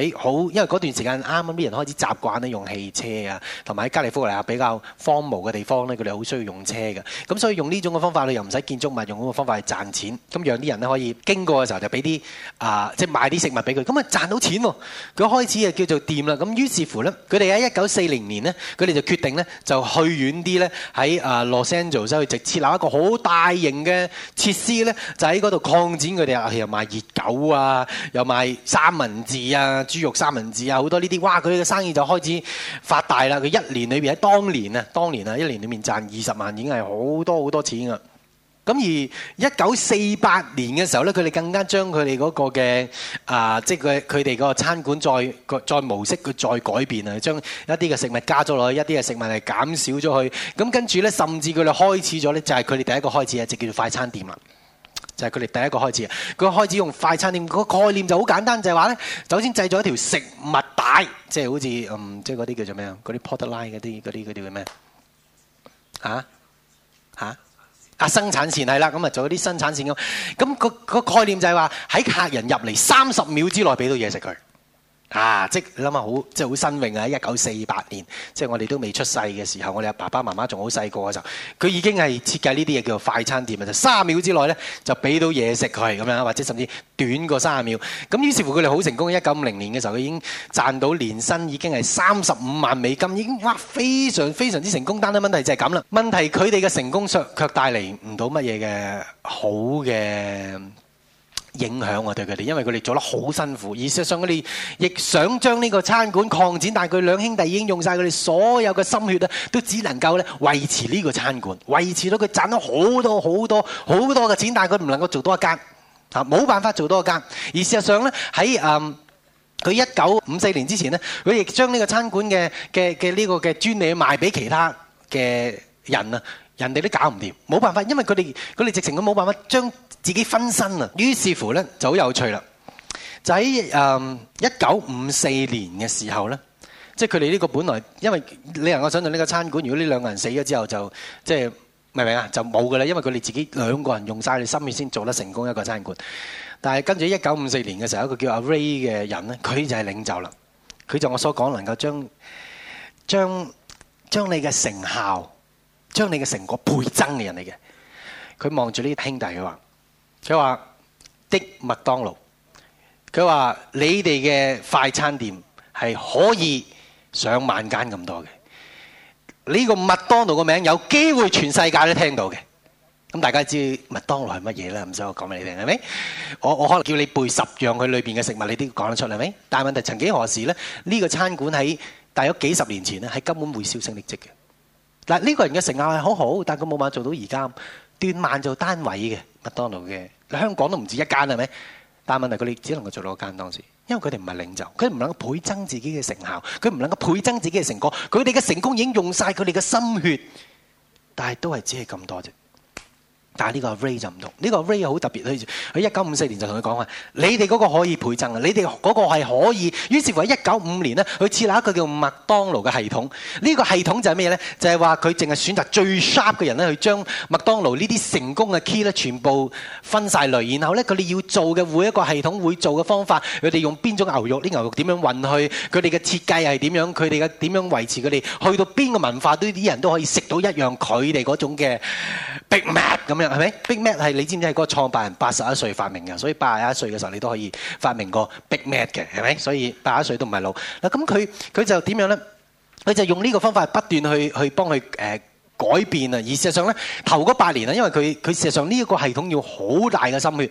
誒喺好，因為嗰段時間啱啱啲人開始習慣咧用汽車啊，同埋喺加利福尼亞比較荒蕪嘅地方咧，佢哋好需要用車嘅。咁所以用呢種嘅方法，你又唔使建築物，用咁嘅方法嚟賺錢，咁讓啲人咧可以經過嘅時候就俾啲啊，即係買啲食俾佢，咁啊賺到錢喎，哦！佢開始啊叫做店啦，咁於是乎呢，佢哋喺一九四零年呢，佢哋就決定呢，就去遠啲呢，喺啊 Los Angeles 去直設立一個好大型嘅設施呢，就喺嗰度擴展佢哋啊，又賣熱狗啊，又賣三文治啊，豬肉三文治啊，好多呢啲，哇！佢嘅生意就開始發大啦！佢一年裏面，喺當年啊，當年啊一年裏面賺二十萬已經係好多好多錢啊！咁而一九四八年嘅時候咧，佢哋更加將佢哋嗰個嘅啊，即係佢佢哋個餐館再再模式佢再改變啊，將一啲嘅食物加咗落去，一啲嘅食物係減少咗去。咁跟住咧，甚至佢哋開始咗咧，就係佢哋第一個開始啊，就叫做快餐店啦。就係佢哋第一個開始啊。佢開始用快餐店個概念就好簡單，就係話咧，首先製咗一條食物帶，即係好似嗯，即係嗰啲叫做咩啊，嗰啲 potline 嗰啲嗰啲嗰啲叫咩啊？啊生產線係啦，咁啊做啲生產線咁，咁個個概念就係話，喺客人入嚟三十秒之內畀到嘢食佢。啊！即係諗下好，即係好新穎啊！一九四八年，即係我哋都未出世嘅時候，我哋阿爸爸媽媽仲好細個嘅時候，佢已經係設計呢啲嘢叫做快餐店啊！就三十秒之內呢，就俾到嘢食佢咁樣，或者甚至短過三十秒。咁於是乎佢哋好成功。一九五零年嘅時候，佢已經賺到年薪已經係三十五萬美金，已經哇非常非常之成功。但係問題就係咁啦。問題佢哋嘅成功卻卻帶嚟唔到乜嘢嘅好嘅。影響我哋佢哋，因為佢哋做得好辛苦。而事實上，佢哋亦想將呢個餐館擴展，但係佢兩兄弟已經用晒佢哋所有嘅心血啦，都只能夠咧維持呢個餐館，維持到佢賺咗好多好多好多嘅錢，但係佢唔能夠做多一間，啊冇辦法做多一間。而事實上咧，喺嗯佢一九五四年之前咧，佢亦將呢個餐館嘅嘅嘅呢個嘅專利賣俾其他嘅人啊。人哋都搞唔掂，冇辦法，因為佢哋佢哋直情都冇辦法將自己分身啊。於是乎呢就好有趣啦，就喺誒一九五四年嘅時候呢，即係佢哋呢個本來，因為你能夠想象呢個餐館，如果呢兩個人死咗之後，就即係明唔明啊？就冇噶啦，因為佢哋自己兩個人用曬你心血先做得成功一個餐館。但係跟住一九五四年嘅時候，一個叫阿 Ray 嘅人呢，佢就係領袖啦。佢就我所講能夠將將將你嘅成效。將你嘅成果倍增嘅人嚟嘅，佢望住呢啲兄弟，佢話：佢話的麥當勞，佢話你哋嘅快餐店係可以上萬間咁多嘅。呢個麥當勞個名有機會全世界都聽到嘅。咁大家知道麥當勞係乜嘢啦？唔使我講俾你聽係咪？我我可能叫你背十樣佢裏邊嘅食物，你都講得出嚟。係咪？但係問題，曾幾何時咧？呢、這個餐館喺大約幾十年前咧，係根本會銷聲匿跡嘅。嗱，呢個人嘅成效係好好，但係佢冇辦法做到而家斷萬做單位嘅麥當勞嘅，香港都唔止一間係咪？但係問題佢哋只能夠做到一間當時，因為佢哋唔係領袖，佢哋唔能夠倍增自己嘅成效，佢哋唔能夠倍增自己嘅成果，佢哋嘅成功已經用晒佢哋嘅心血，但係都係只係咁多啫。但係呢個 Ray 就唔同，呢個 Ray 好特別。佢佢一九五四年就同佢講話：你哋個可以陪贈啊，你哋個係可以。於是乎一九五五年咧，佢設立一個叫麥當勞嘅系統，呢個系統就係咩咧？就係話佢淨係選擇最 sharp 嘅人咧，去將麥當勞呢啲成功嘅 key 咧，全部分晒類，然後咧，佢哋要做嘅每一個系統會做嘅方法，佢哋用邊種牛肉？啲牛肉點樣運去？佢哋嘅設計係點樣佢哋嘅點樣維持佢哋去到邊個文化都啲人都可以食到一樣佢哋種嘅 Big Mac 咁樣。係咪？Big Mac 係你知唔知係嗰個創辦人八十一歲發明嘅，所以八十一歲嘅時候你都可以發明個 Big Mac 嘅，係咪？所以八十一歲都唔係老嗱。咁佢佢就點樣咧？佢就用呢個方法不斷去去幫佢誒、呃、改變啊！而事實上咧，頭嗰八年咧，因為佢佢事實上呢一個系統要好大嘅心血。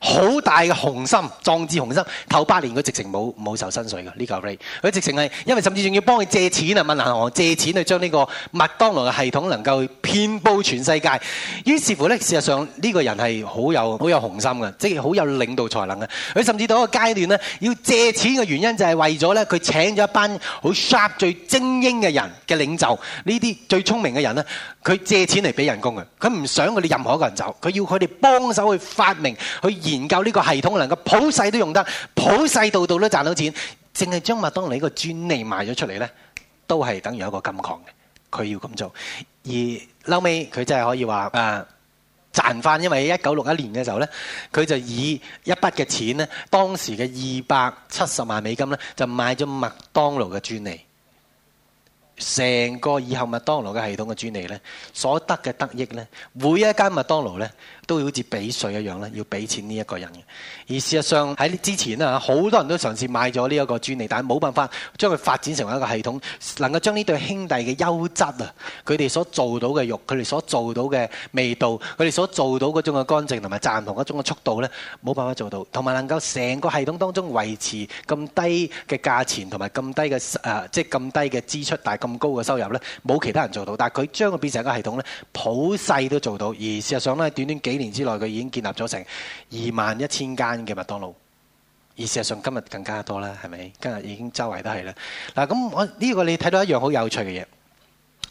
好大嘅雄心、壯志雄心，頭八年佢直情冇冇受薪水嘅呢個阿 Ray，佢直情係因為甚至仲要幫佢借錢啊，問銀行借錢去將呢個麥當勞嘅系統能夠遍佈全世界。於是乎呢，事實上呢個人係好有好有雄心嘅，即係好有領導才能嘅。佢甚至到一個階段呢，要借錢嘅原因就係為咗呢，佢請咗一班好 sharp 最精英嘅人嘅領袖，呢啲最聰明嘅人呢，佢借錢嚟俾人工嘅，佢唔想佢哋任何一個人走，佢要佢哋幫手去發明去。研究呢個系統能夠普世都用得，普世度度都賺到錢，淨係將麥當勞呢個專利賣咗出嚟，呢都係等於一個金礦嘅。佢要咁做，而嬲尾佢真係可以話誒賺翻，因為一九六一年嘅時候呢，佢就以一筆嘅錢呢，當時嘅二百七十萬美金呢，就買咗麥當勞嘅專利，成個以後麥當勞嘅系統嘅專利呢，所得嘅得益呢，每一間麥當勞呢。都要好似俾稅一樣咧，要俾錢呢一個人嘅。而事實上喺之前啊，好多人都嘗試，試買咗呢一個專利，但係冇辦法將佢發展成為一個系統能夠將呢對兄弟嘅優質啊，佢哋所做到嘅肉，佢哋所做到嘅味道，佢哋所做到嗰種嘅乾淨同埋讚同一種嘅速度咧，冇辦法做到。同埋能夠成個系統當中維持咁低嘅價錢同埋咁低嘅誒即係咁低嘅支出，但係咁高嘅收入咧，冇其他人做到。但係佢將佢變成一個系統咧，普世都做到。而事實上咧，短短幾。一年之內佢已經建立咗成二萬一千間嘅麥當勞，而事實上今日更加多啦，係咪？今日已經周圍都係啦。嗱、啊，咁我呢、呢個你睇到一樣好有趣嘅嘢，呢、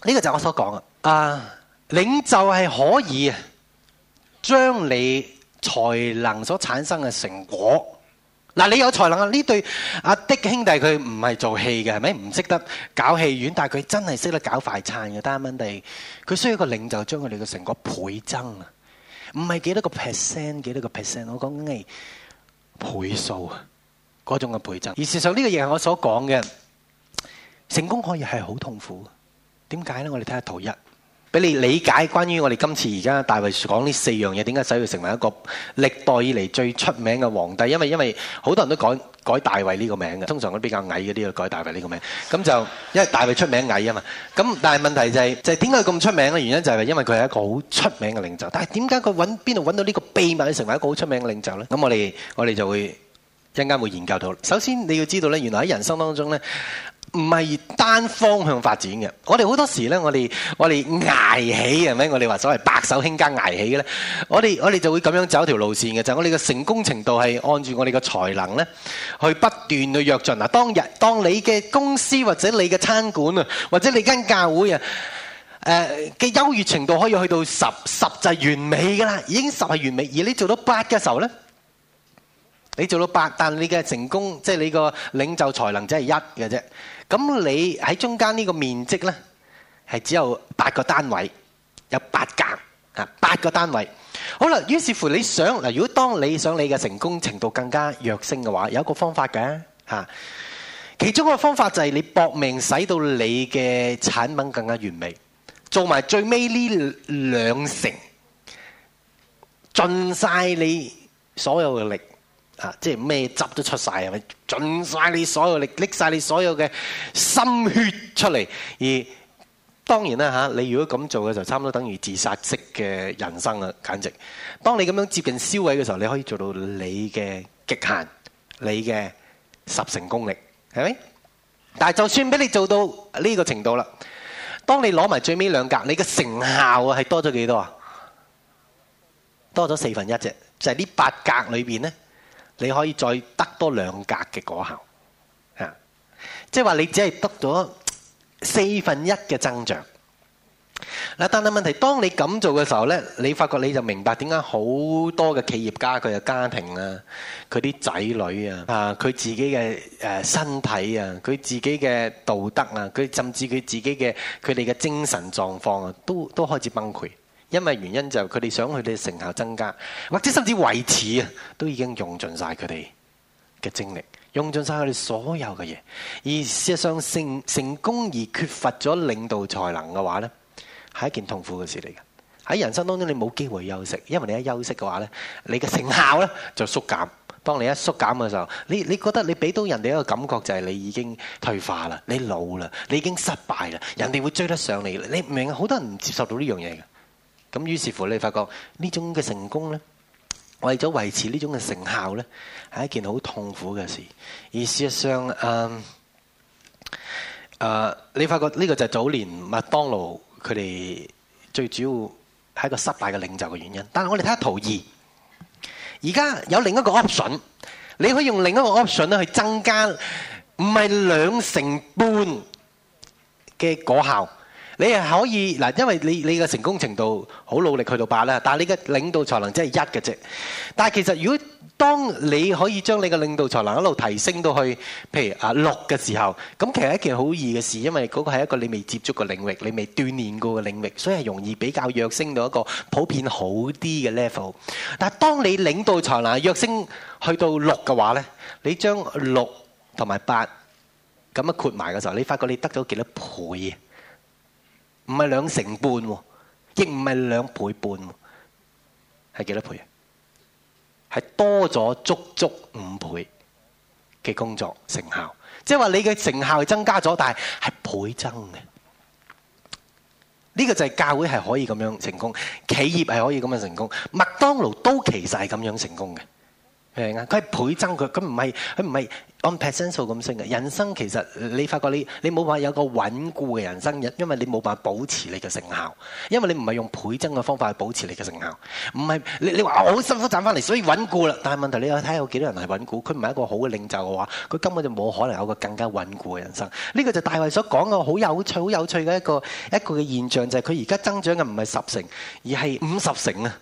呢個就係我所講啊。啊，領袖係可以將你才能所產生嘅成果，嗱、啊，你有才能啊？呢對阿的兄弟佢唔係做戲嘅，係咪？唔識得搞戲院，但係佢真係識得搞快餐嘅，單蚊哋，佢需要個領袖將佢哋嘅成果倍增啊！唔係幾多個 percent，幾多個 percent，我講倍倍數啊，嗰種嘅倍增。而事實上呢個亦係我所講嘅，成功可以係好痛苦的。點解咧？我哋睇下圖一。俾你理解關於我哋今次而家大衛講呢四樣嘢，點解使佢成為一個歷代以嚟最出名嘅皇帝？因為因為好多人都改改大衛呢個名嘅，通常都比較矮嗰啲改大衛呢個名，咁就因為大衛出名矮啊嘛。咁但係問題就係就係點解咁出名咧？原因就係因為佢係一個好出名嘅領袖。但係點解佢揾邊度揾到呢個秘密，成為一個好出名嘅領袖咧？咁我哋我哋就會一陣間會研究到。首先你要知道咧，原來喺人生當中咧。唔係單方向發展嘅，我哋好多時呢，我哋我哋捱起，係咪？我哋話所謂白手興家捱起嘅呢，我哋我哋就會咁樣走條路線嘅，就係我哋嘅成功程度係按住我哋嘅才能呢去不斷去躍進嗱。當日當你嘅公司或者你嘅餐館啊，或者你間教會啊，誒嘅優越程度可以去到十十就係完美㗎喇，已經十係完美。而你做到八嘅時候呢，你做到八，但你嘅成功即係你個領袖才能只係一嘅啫。咁你喺中間呢個面積呢，係只有八個單位，有八格嚇，八個單位。好啦，於是乎你想嗱，如果當你想你嘅成功程度更加躍升嘅話，有一個方法嘅嚇。其中一個方法就係你搏命使到你嘅產品更加完美，做埋最尾呢兩成，盡曬你所有嘅力。啊！即係咩汁都出晒，係咪？盡晒你所有力，搦曬你所有嘅心血出嚟。而當然啦，嚇、啊、你如果咁做嘅時候，差唔多等於自殺式嘅人生啊！簡直。當你咁樣接近銷毀嘅時候，你可以做到你嘅極限，你嘅十成功力，係咪？但係就算俾你做到呢個程度啦，當你攞埋最尾兩格，你嘅成效啊係多咗幾多啊？多咗四分一啫，就係、是、呢八格裏邊呢。你可以再得多兩格嘅果效，是即係話你只係得咗四分一嘅增長，嗱，但係問題當你咁做嘅時候呢，你發覺你就明白點解好多嘅企業家佢嘅家庭啊，佢啲仔女啊，啊，佢自己嘅誒身體啊，佢自己嘅道德啊，佢甚至佢自己嘅佢哋嘅精神狀況啊，都都開始崩潰。因為原因就佢哋想佢哋成效增加，或者甚至維持啊，都已經用盡晒佢哋嘅精力，用盡晒佢哋所有嘅嘢。而事實上成成功而缺乏咗領導才能嘅話呢，係一件痛苦嘅事嚟嘅。喺人生當中你冇機會休息，因為你一休息嘅話呢，你嘅成效呢就縮減。當你一縮減嘅時候，你你覺得你俾到人哋一個感覺就係你已經退化啦，你老啦，你已經失敗啦，人哋會追得上你。你明啊？好多人唔接受到呢樣嘢嘅。咁於是乎，你發覺呢種嘅成功呢，為咗維持呢種嘅成效呢，係一件好痛苦嘅事。而事實上，誒誒，你發覺呢個就係早年麥當勞佢哋最主要係一個失敗嘅領袖嘅原因。但係我哋睇下圖二，而家有另一個 option，你可以用另一個 option 咧去增加唔係兩成半嘅果效。你係可以嗱，因為你你嘅成功程度好努力去到八啦，但係你嘅領導才能真係一嘅啫。但係其實如果當你可以將你嘅領導才能一路提升到去，譬如啊六嘅時候，咁其實係一件好易嘅事，因為嗰個係一個你未接觸嘅領域，你未鍛鍊過嘅領域，所以係容易比較躍升到一個普遍好啲嘅 level。但係當你領導才能躍升去到六嘅話呢，你將六同埋八咁樣括埋嘅時候，你發覺你得咗幾多倍？唔係兩成半，亦唔係兩倍半，係幾多倍？係多咗足足五倍嘅工作成效，即係話你嘅成效增加咗，但係係倍增嘅。呢個就係教會係可以咁樣成功，企業係可以咁樣成功，麥當勞都其實係咁樣成功嘅。佢係倍增佢，佢唔係佢唔係按 percent 數咁升嘅。人生其實你發覺你你冇辦法有個穩固嘅人生，因因為你冇辦法保持你嘅成效，因為你唔係用倍增嘅方法去保持你嘅成效，唔係你你話我好辛苦賺翻嚟，所以穩固啦。但係問題你又睇下有幾多人係穩固？佢唔係一個好嘅領袖嘅話，佢根本就冇可能有個更加穩固嘅人生。呢個就大衞所講嘅好有趣、好有趣嘅一個一個嘅現象，就係佢而家增長嘅唔係十成，而係五十成啊！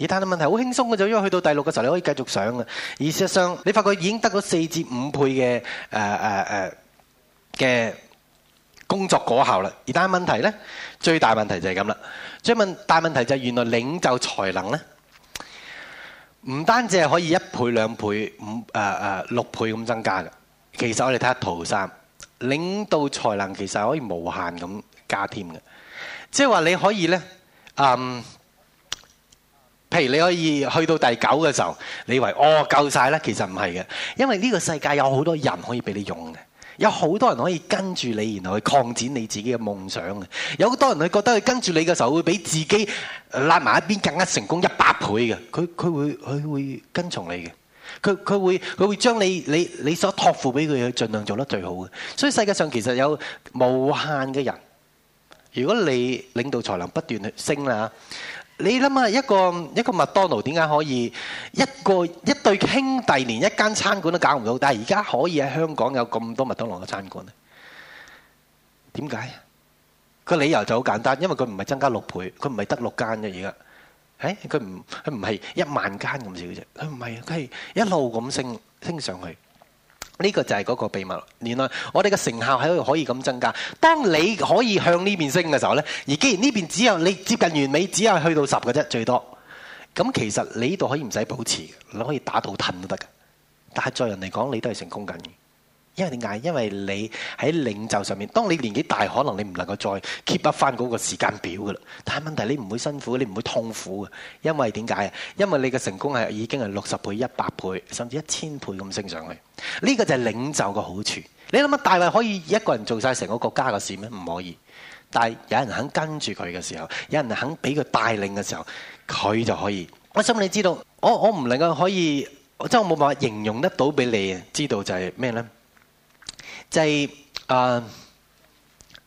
而但係問題好輕鬆嘅，就因為去到第六嘅時候你可以繼續上嘅，而事實上你發覺已經得咗四至五倍嘅誒誒誒嘅工作果效啦。而但係問題咧，最大問題就係咁啦。最問大問題就係原來領袖才能咧，唔單止係可以一倍兩倍五誒誒、呃呃、六倍咁增加嘅，其實我哋睇下圖三，領導才能其實可以無限咁加添嘅，即係話你可以咧，嗯。譬如你可以去到第九嘅時候，你以為哦夠晒啦，其實唔係嘅，因為呢個世界有好多人可以俾你用嘅，有好多人可以跟住你，然後去擴展你自己嘅夢想嘅，有好多人佢覺得佢跟住你嘅時候會比自己拉埋一邊更加成功一百倍嘅，佢佢會佢會跟從你嘅，佢佢會佢會將你你你所托付俾佢去盡量做得最好嘅，所以世界上其實有無限嘅人，如果你領導才能不斷去升啦。你諗下一個一個麥當勞點解可以一個一對兄弟連一間餐館都搞唔到，但係而家可以喺香港有咁多麥當勞嘅餐館咧？點解？個理由就好簡單，因為佢唔係增加六倍，佢唔係得六間啫。而家，誒佢唔佢唔係一萬間咁少啫，佢唔係，佢係一路咁升升上去。呢個就係嗰個秘密，原來我哋嘅成效喺度可以咁增加。當你可以向呢邊升嘅時候咧，而既然呢邊只有你接近完美，只有去到十嘅啫最多。咁其實你呢度可以唔使保持，你可以打到褪都得，但係在人嚟講，你都係成功緊嘅。因為點解？因為你喺領袖上面，當你年紀大，可能你唔能夠再 keep 得翻嗰個時間表噶啦。但係問題是你唔會辛苦，你唔會痛苦嘅，因為點解啊？因為你嘅成功係已經係六十倍、一百倍，甚至一千倍咁升上去。呢個就係領袖嘅好處。你諗下，大衞可以一個人做晒成個國家嘅事咩？唔可以。但係有人肯跟住佢嘅時候，有人肯俾佢帶領嘅時候，佢就可以。我心裏知道，我我唔能夠可以，即係我冇辦法形容得到俾你知道就係咩呢？就係誒，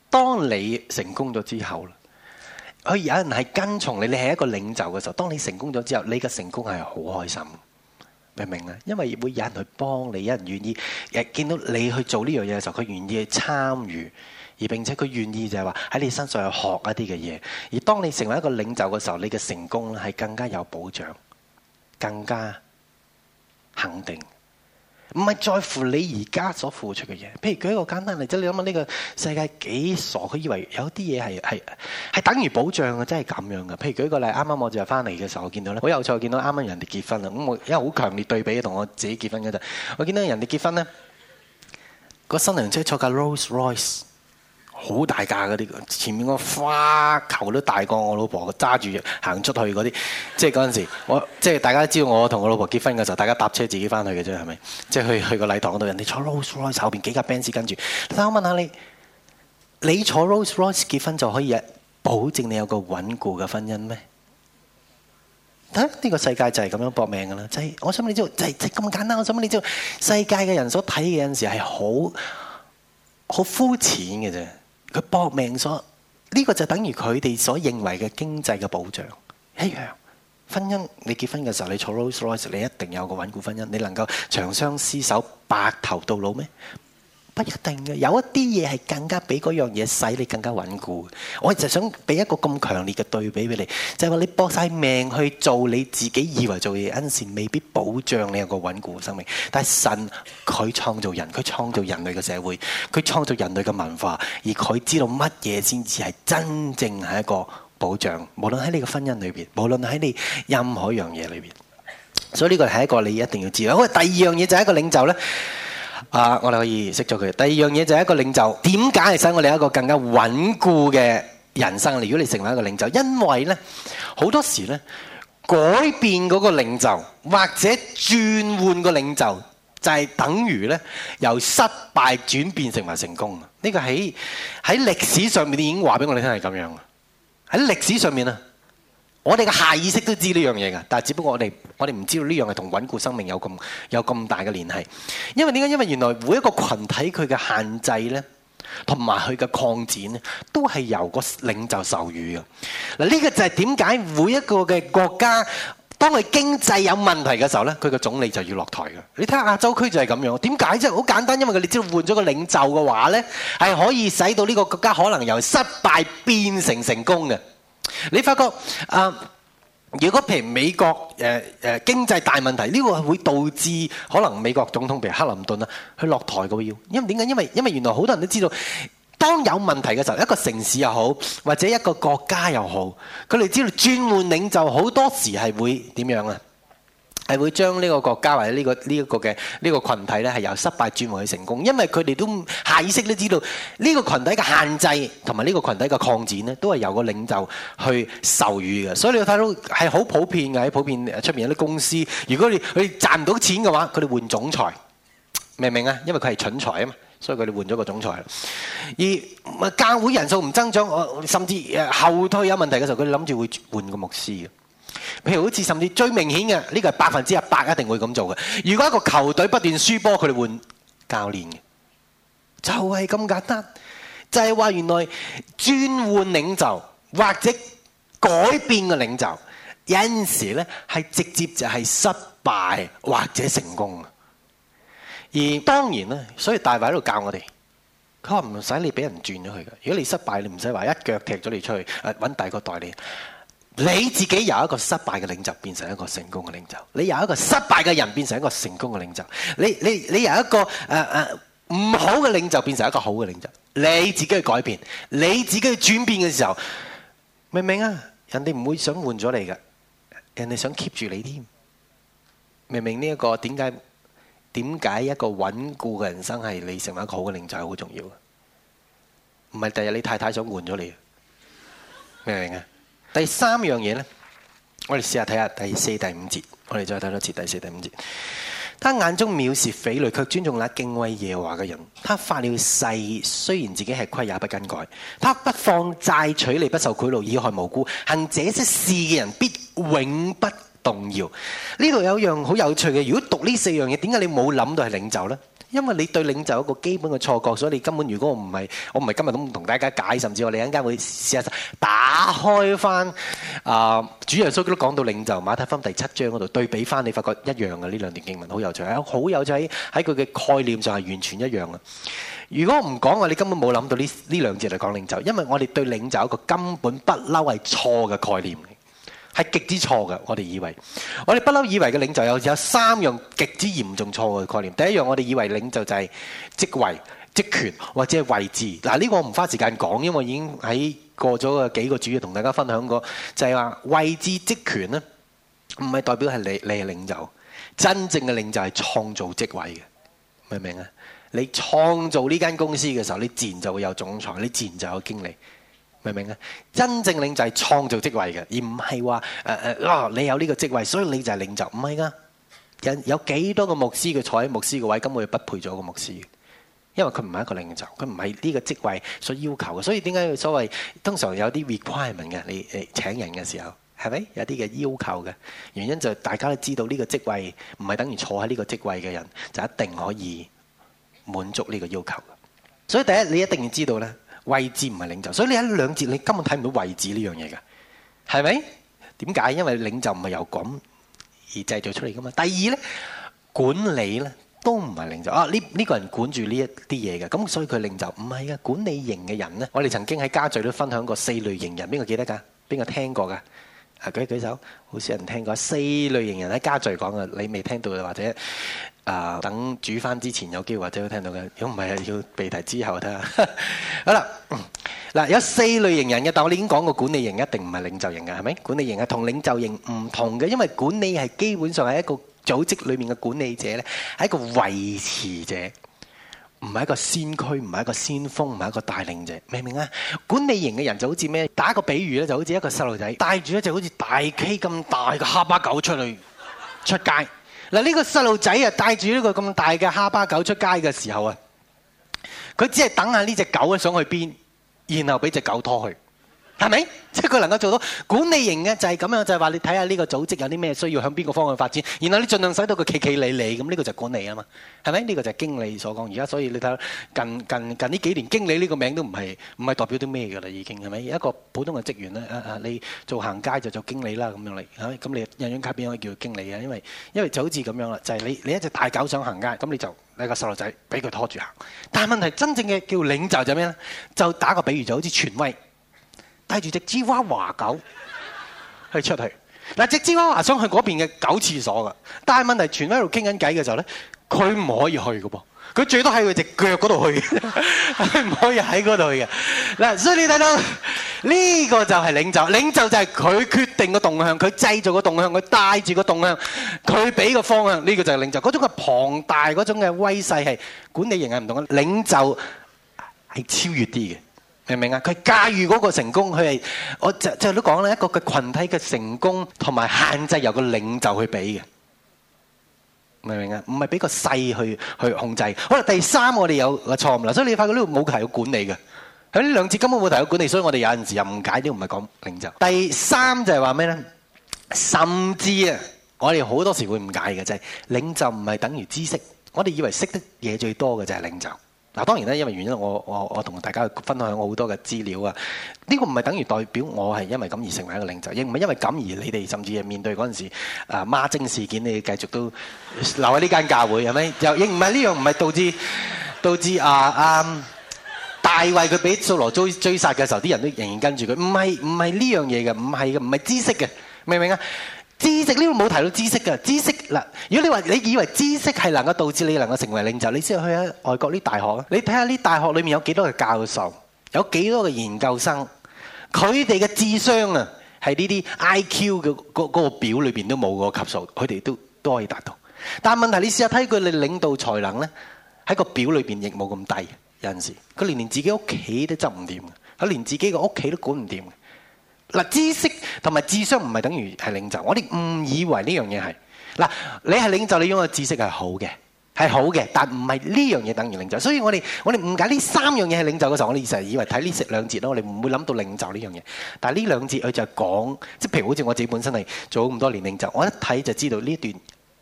當你成功咗之後，佢有人係跟從你，你係一個領袖嘅時候。當你成功咗之後，你嘅成功係好開心的，明唔明啊？因為會有人去幫你，有人願意誒見到你去做呢樣嘢嘅時候，佢願意去參與，而並且佢願意就係話喺你身上去學一啲嘅嘢。而當你成為一個領袖嘅時候，你嘅成功咧係更加有保障，更加肯定。唔係在乎你而家所付出嘅嘢，譬如舉一個簡單例子，你諗下呢個世界幾傻？佢以為有啲嘢係係係等於保障嘅，真係咁樣嘅。譬如舉個例子，啱啱我就係翻嚟嘅時候，我見到咧好有趣，我見到啱啱人哋結婚啦。咁我因為好強烈對比，同我自己結婚嗰陣，我見到人哋結婚咧，個新娘車坐架 Rolls Royce。好大架嗰啲，前面個花球都大過我老婆揸住行出去嗰啲，即係嗰陣時，我即係大家知道我同我老婆結婚嘅時候，大家搭車自己翻去嘅啫，係咪？即係去去個禮堂嗰度，人哋坐 Rose Royce，後邊幾架 Benz 跟住。但我問下你，你坐 Rose Royce 結婚就可以保證你有個穩固嘅婚姻咩？啊！呢個世界就係咁樣搏命㗎啦，即係我想問你知道，即係即係咁簡單。我想你知道，知，係世界嘅人所睇嘅陣時係好好膚淺嘅啫。佢搏命所呢，呢個就等於佢哋所認為嘅經濟嘅保障一樣。婚姻，你結婚嘅時候，你坐 Rolls Royce 你一定有個穩固婚姻。你能夠長相厮守白頭到老咩？不一定嘅，有一啲嘢係更加比嗰樣嘢使你更加穩固。我就想俾一個咁強烈嘅對比俾你，就係話，你搏晒命去做你自己以為做嘢嗰陣時，未必保障你有個穩固嘅生命。但係神佢創造人，佢創造人類嘅社會，佢創造人類嘅文化，而佢知道乜嘢先至係真正係一個保障。無論喺你嘅婚姻裏邊，無論喺你任何一樣嘢裏邊。所以呢個係一個你一定要知道。因為第二樣嘢就係一個領袖咧。啊！我哋可以識咗佢。第二樣嘢就係一個領袖，點解係使我哋一個更加穩固嘅人生？如果你成為一個領袖，因為呢，好多時呢，改變嗰個領袖或者轉換個領袖，就係等於呢，由失敗轉變成為成功。呢個喺喺歷史上面已經話俾我哋聽係咁樣。喺歷史上面啊。我哋嘅下意識都知呢樣嘢㗎，但係只不過我哋我哋唔知道呢樣係同穩固生命有咁有咁大嘅聯繫。因為點解？因為原來每一個群體佢嘅限制呢，同埋佢嘅擴展呢，都係由個領袖授予嘅。嗱，呢個就係點解每一個嘅國家，當佢經濟有問題嘅時候呢，佢個總理就要落台㗎。你睇下亞洲區就係咁樣。點解？即係好簡單，因為佢你知道換咗個領袖嘅話呢，係可以使到呢個國家可能由失敗變成成功嘅。你發覺啊、呃，如果譬如美國誒誒、呃呃、經濟大問題，呢、這個係會導致可能美國總統譬如克林頓啦，去落台嘅要，因為點解？因為因為原來好多人都知道，當有問題嘅時候，一個城市又好，或者一個國家又好，佢哋知道轉換領袖，好多時係會點樣啊？係會將呢個國家或者呢個呢一個嘅呢個群體咧，係由失敗轉為成功，因為佢哋都下意識都知道呢個群體嘅限制同埋呢個群體嘅擴展咧，都係由個領袖去授予嘅。所以你睇到係好普遍嘅，喺普遍出邊有啲公司，如果你佢哋賺唔到錢嘅話，佢哋換總裁明唔明啊？因為佢係蠢材啊嘛，所以佢哋換咗個總裁。而教會人數唔增長，我甚至後退有問題嘅時候，佢哋諗住會換個牧師嘅。譬如好似甚至最明顯嘅，呢個係百分之一百一定會咁做嘅。如果一個球隊不斷輸波，佢哋換教練嘅，就係咁簡單。就係話原來轉換領袖或者改變個領袖，有時呢，係直接就係失敗或者成功。而當然咧，所以大衛喺度教我哋，佢話唔使你俾人轉咗佢嘅。如果你失敗，你唔使話一腳踢咗你出去，誒，揾第二個代理。你自己由一個失敗嘅領袖變成一個成功嘅領袖，你由一個失敗嘅人變成一個成功嘅領袖，你你你由一個誒誒唔好嘅領袖變成一個好嘅領袖，你自己去改變，你自己去轉變嘅時候，明明啊？人哋唔會想換咗你嘅，人哋想 keep 住你添。明明呢一個點解點解一個穩固嘅人生係你成為一個好嘅領袖係好重要啊？唔係第日你太太想換咗你，明唔明啊？第三樣嘢呢，我哋試下睇下第四、第五節，我哋再睇多次第四、第五節。他眼中藐視匪類，卻尊重那敬畏耶和華嘅人。他發了誓，雖然自己吃虧，也不更改。他不放債取利，不受賄賂，以害無辜。行這些事嘅人，必永不動搖。呢度有樣好有趣嘅，如果讀呢四樣嘢，點解你冇諗到係領袖呢？因為你對領袖有一個基本嘅錯覺，所以你根本如果唔係我唔係我唔係今日咁同大家解，甚至我哋一陣間會試下打開翻啊、呃、主耶穌都講到領袖馬太福音第七章嗰度對比翻，你發覺一樣嘅呢兩段經文好有趣，好有趣喺佢嘅概念上係完全一樣嘅。如果我唔講話，你根本冇諗到呢呢兩節嚟講領袖，因為我哋對領袖一個根本不嬲係錯嘅概念。係極之錯嘅，我哋以為，我哋不嬲以為嘅領袖有有三樣極之嚴重錯嘅概念。第一樣我哋以為領袖就係職位、職權或者係位置。嗱，呢個我唔花時間講，因為我已經喺過咗嘅幾個主要同大家分享過。就係話位置、職權呢，唔係代表係你你係領袖。真正嘅領袖係創造職位嘅，明唔明啊？你創造呢間公司嘅時候，你自然就會有總裁，你自然就有經理。明唔明啊？真正領袖係創造職位嘅，而唔係話誒誒，啊、呃呃、你有呢個職位，所以你就係領袖，唔係噶。有有幾多個牧師佢坐喺牧師嘅位，根本就不配咗個牧師，因為佢唔係一個領袖，佢唔係呢個職位所要求嘅。所以點解所謂通常有啲 requirement 嘅，你誒請人嘅時候係咪有啲嘅要求嘅？原因就係大家都知道呢個職位唔係等於坐喺呢個職位嘅人就一定可以滿足呢個要求。所以第一，你一定要知道咧。位置唔係領袖，所以你喺兩節你根本睇唔到位置呢樣嘢嘅，係咪？點解？因為領袖唔係由噉而製造出嚟噶嘛。第二呢，管理呢都唔係領袖。啊，呢呢、呢個人管住呢一啲嘢嘅，咁所以佢領袖唔係嘅。管理型嘅人呢。我哋曾經喺家聚都分享過四類型人，邊個記得㗎？邊個聽過㗎？啊，舉舉手，好少人聽過。四類型人喺家聚講嘅，你未聽到嘅或者。啊、呃！等煮翻之前有機會或者會聽到嘅，如果唔係要備題之後睇下。看看 好啦，嗱、嗯嗯、有四類型人嘅，但我哋已經講過管理型一定唔係領袖型嘅，係咪？管理型啊，同領袖型唔同嘅，因為管理係基本上係一個組織裏面嘅管理者咧，係一個維持者，唔係一個先驅，唔係一個先鋒，唔係一，一個帶領者，明唔明啊？管理型嘅人就好似咩？打一個比喻咧，就好似一個細路仔帶住一隻好似大 K 咁大嘅哈巴狗出去出街。出嗱，呢個細路仔啊，帶住呢個咁大嘅哈巴狗出街嘅時候啊，佢只係等下呢隻狗啊，想去邊，然後俾隻狗拖去。係咪？即係佢能夠做到管理型嘅就係咁樣，就係話你睇下呢個組織有啲咩需要向邊個方向發展，然後你盡量使到佢企企理理咁，呢個就係管理啊嘛。係咪？呢個就係經理所講。而家所以你睇下近近近呢幾年，經理呢個名都唔係唔係代表啲咩㗎啦，已經係咪？一個普通嘅職員咧，你做行街就做經理啦，咁樣嚟嚇，咁你引薦卡邊可以叫佢經理嘅？因為因為就好似咁樣啦，就係你你一隻大狗想行街，咁你就你個細路仔俾佢拖住行。但係問題真正嘅叫領袖就咩咧？就打個比喻就好似權威。帶住隻芝娃娃狗去出去，嗱，隻芝娃娃想去嗰邊嘅狗廁所噶，但係問題全喺度傾緊偈嘅時候咧，佢唔可以去噶噃，佢最多喺佢隻腳嗰度去，佢唔可以喺嗰度去嘅。嗱，所以你睇到呢個就係領袖，領袖就係佢決定個動向，佢製造個動向，佢帶住個動向，佢俾個方向，呢個就係領袖。嗰種嘅龐大，嗰種嘅威勢係管理型係唔同嘅，領袖係超越啲嘅。明唔明啊？佢駕馭嗰個成功，佢係我就就都講咧，一個嘅群體嘅成功同埋限制由個領袖去俾嘅，明唔明啊？唔係俾個勢去去控制。好啦，第三我哋有個錯誤啦，所以你發覺呢度冇提到管理嘅，喺呢兩節根本冇提到管理，所以我哋有陣時又誤解呢度唔係講領袖。第三就係話咩咧？甚至啊，我哋好多時會誤解嘅就係領袖唔係等於知識，我哋以為識得嘢最多嘅就係領袖。嗱，當然咧，因為原因，我我我同大家分享好多嘅資料啊。呢個唔係等於代表我係因為咁而成為一個領袖，亦唔係因為咁而你哋甚至係面對嗰陣時，啊孖精事件你繼續都留喺呢間教會係咪？又亦唔係呢樣唔係導致導致啊啊大衛佢俾掃羅追追殺嘅時候，啲人都仍然跟住佢。唔係唔係呢樣嘢嘅，唔係嘅，唔係知識嘅，明唔明啊？知識呢個冇提到知識㗎。知識嗱，如果你話你以為知識係能夠導致你能夠成為領袖，你先去下外國啲大學，你睇下呢大學裏面有幾多個教授，有幾多個研究生，佢哋嘅智商啊，係呢啲 IQ 嘅嗰嗰個表裏邊都冇個級數，佢哋都都可以達到。但係問題你試下睇佢嘅領導才能呢，喺個表裏邊亦冇咁低。有陣時佢連連自己屋企都執唔掂，佢連自己嘅屋企都管唔掂。嗱，知識同埋智商唔係等於係領袖，我哋誤以為呢樣嘢係。嗱，你係領袖，你用嘅知識係好嘅，係好嘅，但唔係呢樣嘢等於領袖。所以我哋，我哋誤解呢三樣嘢係領袖嘅時候，我哋成日以為睇呢食兩節咯，我哋唔會諗到領袖呢樣嘢。但係呢兩節佢就係講，即譬如好似我自己本身係做咁多年領袖，我一睇就知道呢段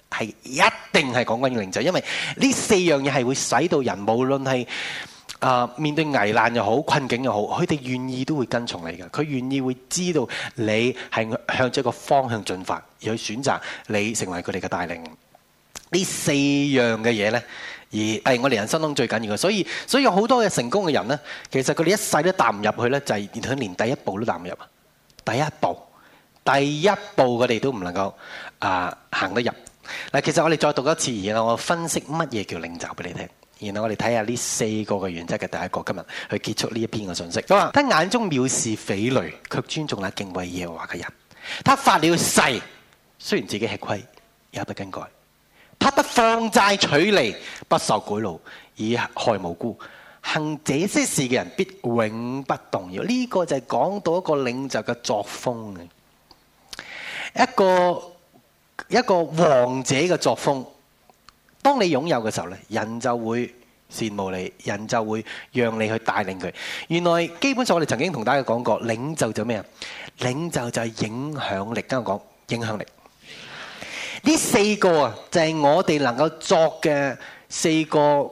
係一定係講緊領袖，因為呢四樣嘢係會使到人無論係。啊、呃！面對危難又好，困境又好，佢哋願意都會跟從你嘅。佢願意會知道你係向着一個方向進發，而去選擇你成為佢哋嘅帶領。呢四樣嘅嘢呢，而係、哎、我哋人生中最緊要嘅。所以，所以有好多嘅成功嘅人呢，其實佢哋一世都踏唔入去呢，就係、是、連第一步都踏唔入啊！第一步，第一步他們，佢哋都唔能夠啊行得入。嗱，其實我哋再讀一次，而我分析乜嘢叫領袖俾你聽。然後我哋睇下呢四個嘅原則嘅第一個，今日去結束呢一篇嘅信息。咁啊，他眼中藐視匪類，卻尊重那敬畏耶和華嘅人；他發了誓，雖然自己吃虧，也不更改；他不放債取利，不受賄賂，以害無辜。行這些事嘅人，必永不動搖。呢、這個就係講到一個領袖嘅作風嘅，一個一個王者嘅作風。當你擁有嘅時候咧，人就會羨慕你，人就會讓你去帶領佢。原來基本上我哋曾經同大家講過，領袖就咩啊？領袖就係影響力。跟我講，影響力。呢四個啊，就係我哋能夠作嘅四個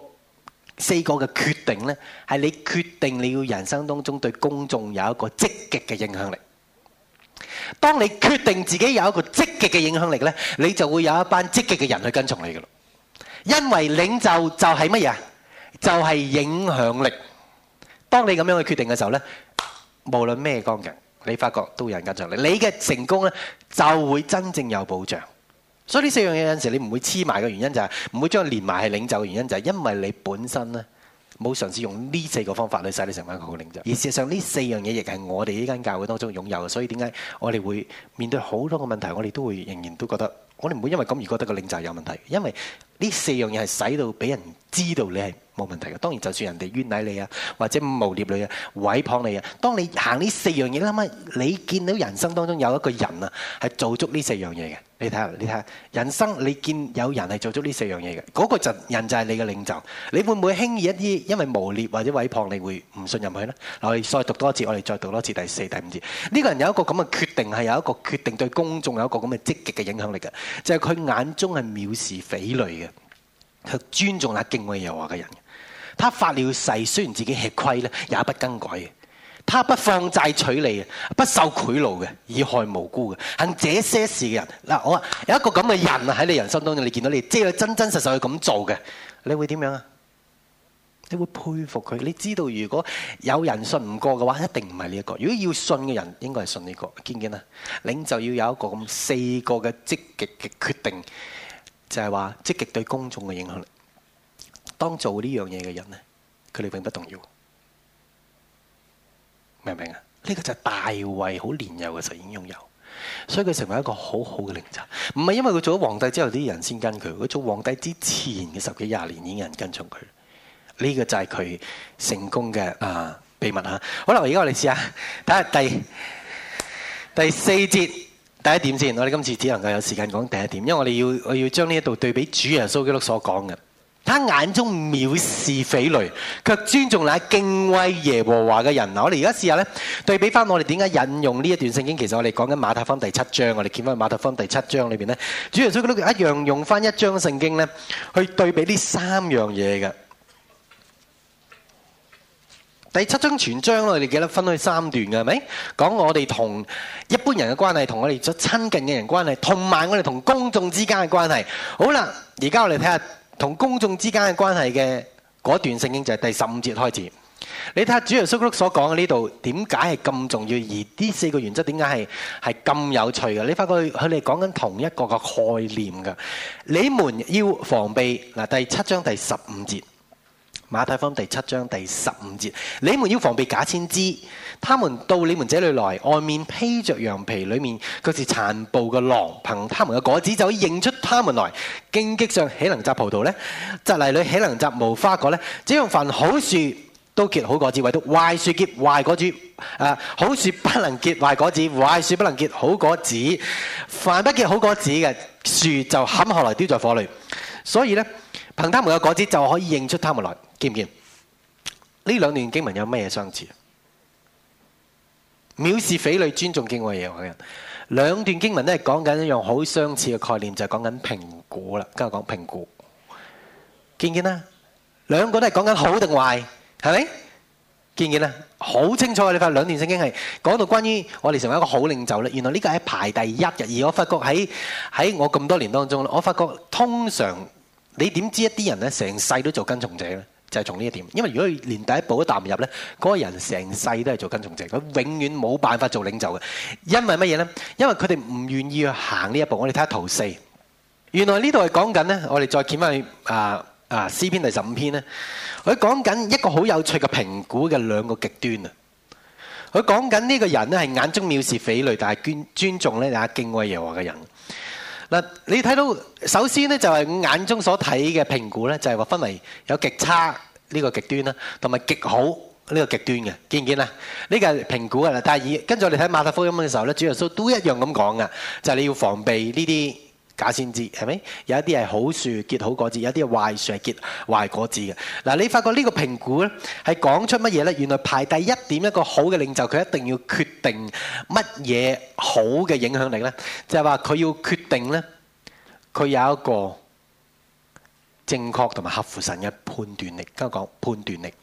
四個嘅決定咧，係你決定你要人生當中對公眾有一個積極嘅影響力。當你決定自己有一個積極嘅影響力咧，你就會有一班積極嘅人去跟從你嘅咯。因為領袖就係乜嘢？就係影響力。當你咁樣去決定嘅時候呢，無論咩光景，你發覺都會有人跟上你。你嘅成功呢，就會真正有保障。所以呢四樣嘢有陣時你唔會黐埋嘅原因就係唔會將連埋係領袖嘅原因就係因為你本身呢，冇嘗試用呢四個方法去使你成為一個好領袖。而事實上呢四樣嘢亦係我哋呢間教會當中擁有嘅，所以點解我哋會面對好多個問題，我哋都會仍然都覺得。我哋唔會因為咁而覺得個領袖有問題，因為呢四樣嘢係使到俾人知道你係。冇問題嘅，當然就算人哋冤詆你啊，或者誣蔑你啊，毀謗你啊，當你行呢四樣嘢咧，咁啊，你見到人生當中有一個人啊，係做足呢四樣嘢嘅，你睇下，你睇下，人生你見有人係做足呢四樣嘢嘅，嗰、那個就人就係你嘅領袖。你會唔會輕易一啲因為誣蔑或者毀謗你，你會唔信任佢呢？嗱，我哋再讀多一次，我哋再讀多次第四、第五節。呢、這個人有一個咁嘅決定係有一個決定對公眾有一個咁嘅積極嘅影響力嘅，就係、是、佢眼中係藐視匪類嘅，佢尊重啦敬畏耶和華嘅人。他發了誓，雖然自己吃虧咧，也不更改。他不放債取利，不受賄賂嘅，以害無辜嘅。行這些事嘅人，嗱，我有一個咁嘅人喺你人生當中，你見到你即係真真實實去咁做嘅，你會點樣啊？你會佩服佢。你知道如果有人信唔過嘅話，一定唔係呢一個。如果要信嘅人，應該係信呢個。堅堅啊，領袖要有一個咁四個嘅積極嘅決定，就係話積極對公眾嘅影響力。當做呢樣嘢嘅人呢，佢哋永不動搖，明唔明啊？呢、呢個就係大衛好年幼嘅時候已經擁有，所以佢成為一個很好好嘅領袖。唔係因為佢做咗皇帝之後啲人先跟佢，佢做皇帝之前嘅十幾廿年已經有人跟從佢。呢、呢個就係佢成功嘅啊、呃、秘密啊！好，現在我而家嚟試下睇下第第四節第一點先。我哋今次只能夠有時間講第一點，因為我哋要我要將呢一度對比主耶穌基督所講嘅。他眼中藐視匪類，卻尊重那敬畏耶和華嘅人。嗱，我哋而家試下咧，對比翻我哋點解引用呢一段聖經。其實我哋講緊馬太福音第七章。我哋見翻馬太福音第七章裏邊咧，主耶穌佢都一樣用翻一章聖經咧，去對比呢三樣嘢嘅。第七章全章我哋記得分開三段嘅，係咪？講我哋同一般人嘅關係，同我哋所親近嘅人關係，同埋我哋同公眾之間嘅關係。好啦，而家我哋睇下。同公眾之間嘅關係嘅嗰段聖經就係第十五節開始。你睇下主耶穌所講嘅呢度，點解係咁重要？而呢四個原則點解係係咁有趣嘅？你發覺佢哋講緊同一個個概念㗎。你們要防備，嗱，第七章第十五節。馬太福音第七章第十五節，你們要防備假先知。他們到你們這裏來，外面披着羊皮，裡面卻是殘暴嘅狼。憑他們嘅果子就可以認出他們來。荊棘上豈能摘葡萄呢？蒺藜裏豈能摘無花果呢？只有凡好樹都結好果子，唯獨壞樹結壞果，、呃、果子。啊，好樹不能結壞果子，壞樹不能結好果子。凡不結好果子嘅樹，樹就砍下來丟在火裏。所以呢。憑他們嘅果子就可以認出他們來，見唔見？呢兩段經文有乜嘢相似？藐視匪類，尊重敬畏耶和華嘅人，兩段經文都係講緊一樣好相似嘅概念，就係講緊評估啦。今日講評估，見唔見啊？兩個都係講緊好定壞，係咪？見唔見啊？好清楚嘅，你發覺兩段聖經係講到關於我哋成為一個好領袖啦。原來呢個係排第一嘅，而我發覺喺喺我咁多年當中咧，我發覺通常。你點知一啲人咧成世都做跟從者咧？就係從呢一點，因為如果佢連第一步都踏唔入咧，嗰個人成世都係做跟從者，佢永遠冇辦法做領袖嘅。因為乜嘢咧？因為佢哋唔願意去行呢一步。我哋睇下圖四，原來呢度係講緊咧，我哋再掀翻去啊啊詩篇第十五篇咧，佢講緊一個好有趣嘅評估嘅兩個極端啊！佢講緊呢個人咧係眼中藐視匪類，但係尊尊重咧、大家敬畏耶和華嘅人。你睇到首先呢就係眼中所睇嘅評估呢，就係話分為有極差呢個極端啦，同埋極好呢個極端嘅，見唔見啊？呢個係評估嘅啦，但係跟住我哋睇馬太福音嘅時候呢，主耶穌都一樣咁講噶，就係你要防備呢啲。假先知，係咪？有一啲係好樹結好果子，有啲係壞樹係結壞果子嘅。嗱，你發覺呢個評估咧係講出乜嘢咧？原來排第一點一個好嘅領袖，佢一定要決定乜嘢好嘅影響力咧，就係話佢要決定咧，佢有一個正確同埋合乎神嘅判斷力。家講判斷力，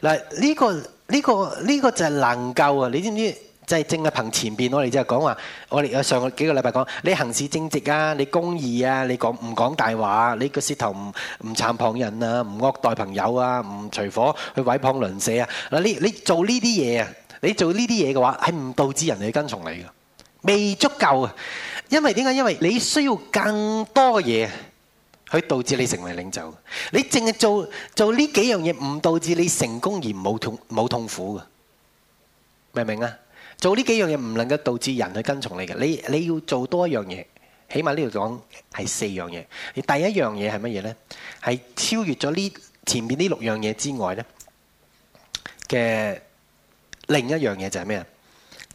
嗱呢個呢個呢個就係能夠啊！你知唔知？即係正啊！憑前邊咯，你即係講話，我哋上個幾個禮拜講，你行事正直啊，你公義啊，你講唔講大話啊？你個舌頭唔唔讒謗人啊？唔惡待朋友啊？唔隨夥去毀謗鄰舍啊？嗱，你你做呢啲嘢啊？你做呢啲嘢嘅話，係唔導致人去跟從你噶？未足夠啊！因為點解？因為你需要更多嘅嘢去導致你成為領袖。你淨係做做呢幾樣嘢，唔導致你成功而冇痛冇痛苦噶，明唔明啊？做呢幾樣嘢唔能夠導致人去跟從你嘅，你你要做多一樣嘢，起碼呢度講係四樣嘢。而第一樣嘢係乜嘢呢？係超越咗呢前面呢六樣嘢之外呢嘅另一樣嘢就係咩啊？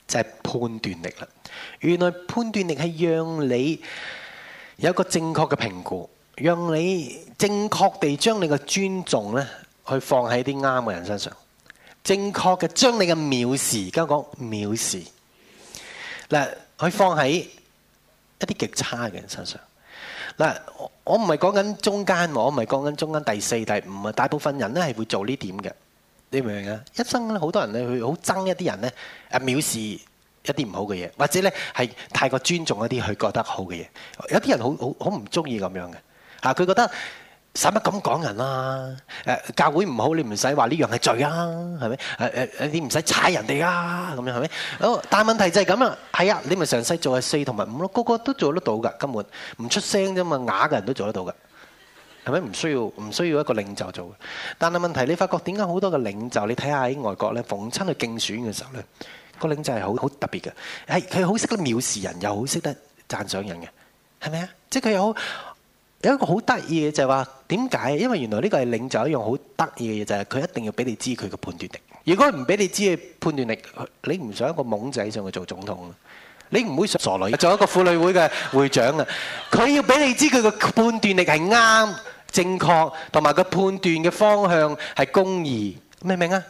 就係、是、判斷力啦。原來判斷力係讓你有一個正確嘅評估，讓你正確地將你嘅尊重呢去放喺啲啱嘅人身上。正確嘅將你嘅藐視，而家講藐視，嗱，佢放喺一啲極差嘅人身上。嗱，我唔係講緊中間，我唔係講緊中間第四、第五，大部分人咧係會做呢點嘅。你明唔明啊？一生好多人咧，佢好憎一啲人咧，誒藐視一啲唔好嘅嘢，或者咧係太過尊重一啲佢覺得好嘅嘢。有啲人好好好唔中意咁樣嘅，啊，佢覺得。使乜咁講人啊？誒，教會唔好，你唔使話呢樣係罪啊，係咪？誒誒，你唔使踩人哋噶、啊，咁樣係咪？好，但問題就係咁啦。係啊，你咪詳細做係四同埋五咯，個,個個都做得到噶，根本唔出聲啫嘛，啞嘅人都做得到嘅，係咪？唔需要唔需要一個領袖做嘅。但係問題，你發覺點解好多嘅領袖，你睇下喺外國咧，逢親去競選嘅時候咧，個領袖係好好特別嘅，係佢好識得藐視人，又好識得讚賞人嘅，係咪啊？即係佢有。有一個好得意嘅就係話點解？因為原來呢個係領袖一樣好得意嘅嘢，就係佢一定要俾你知佢嘅判斷力。如果唔俾你知嘅判斷力，你唔想一個懵仔上去做總統啦，你唔會想傻女做一個婦女會嘅會長啊！佢要俾你知佢嘅判斷力係啱、正確，同埋個判斷嘅方向係公義，明唔明啊？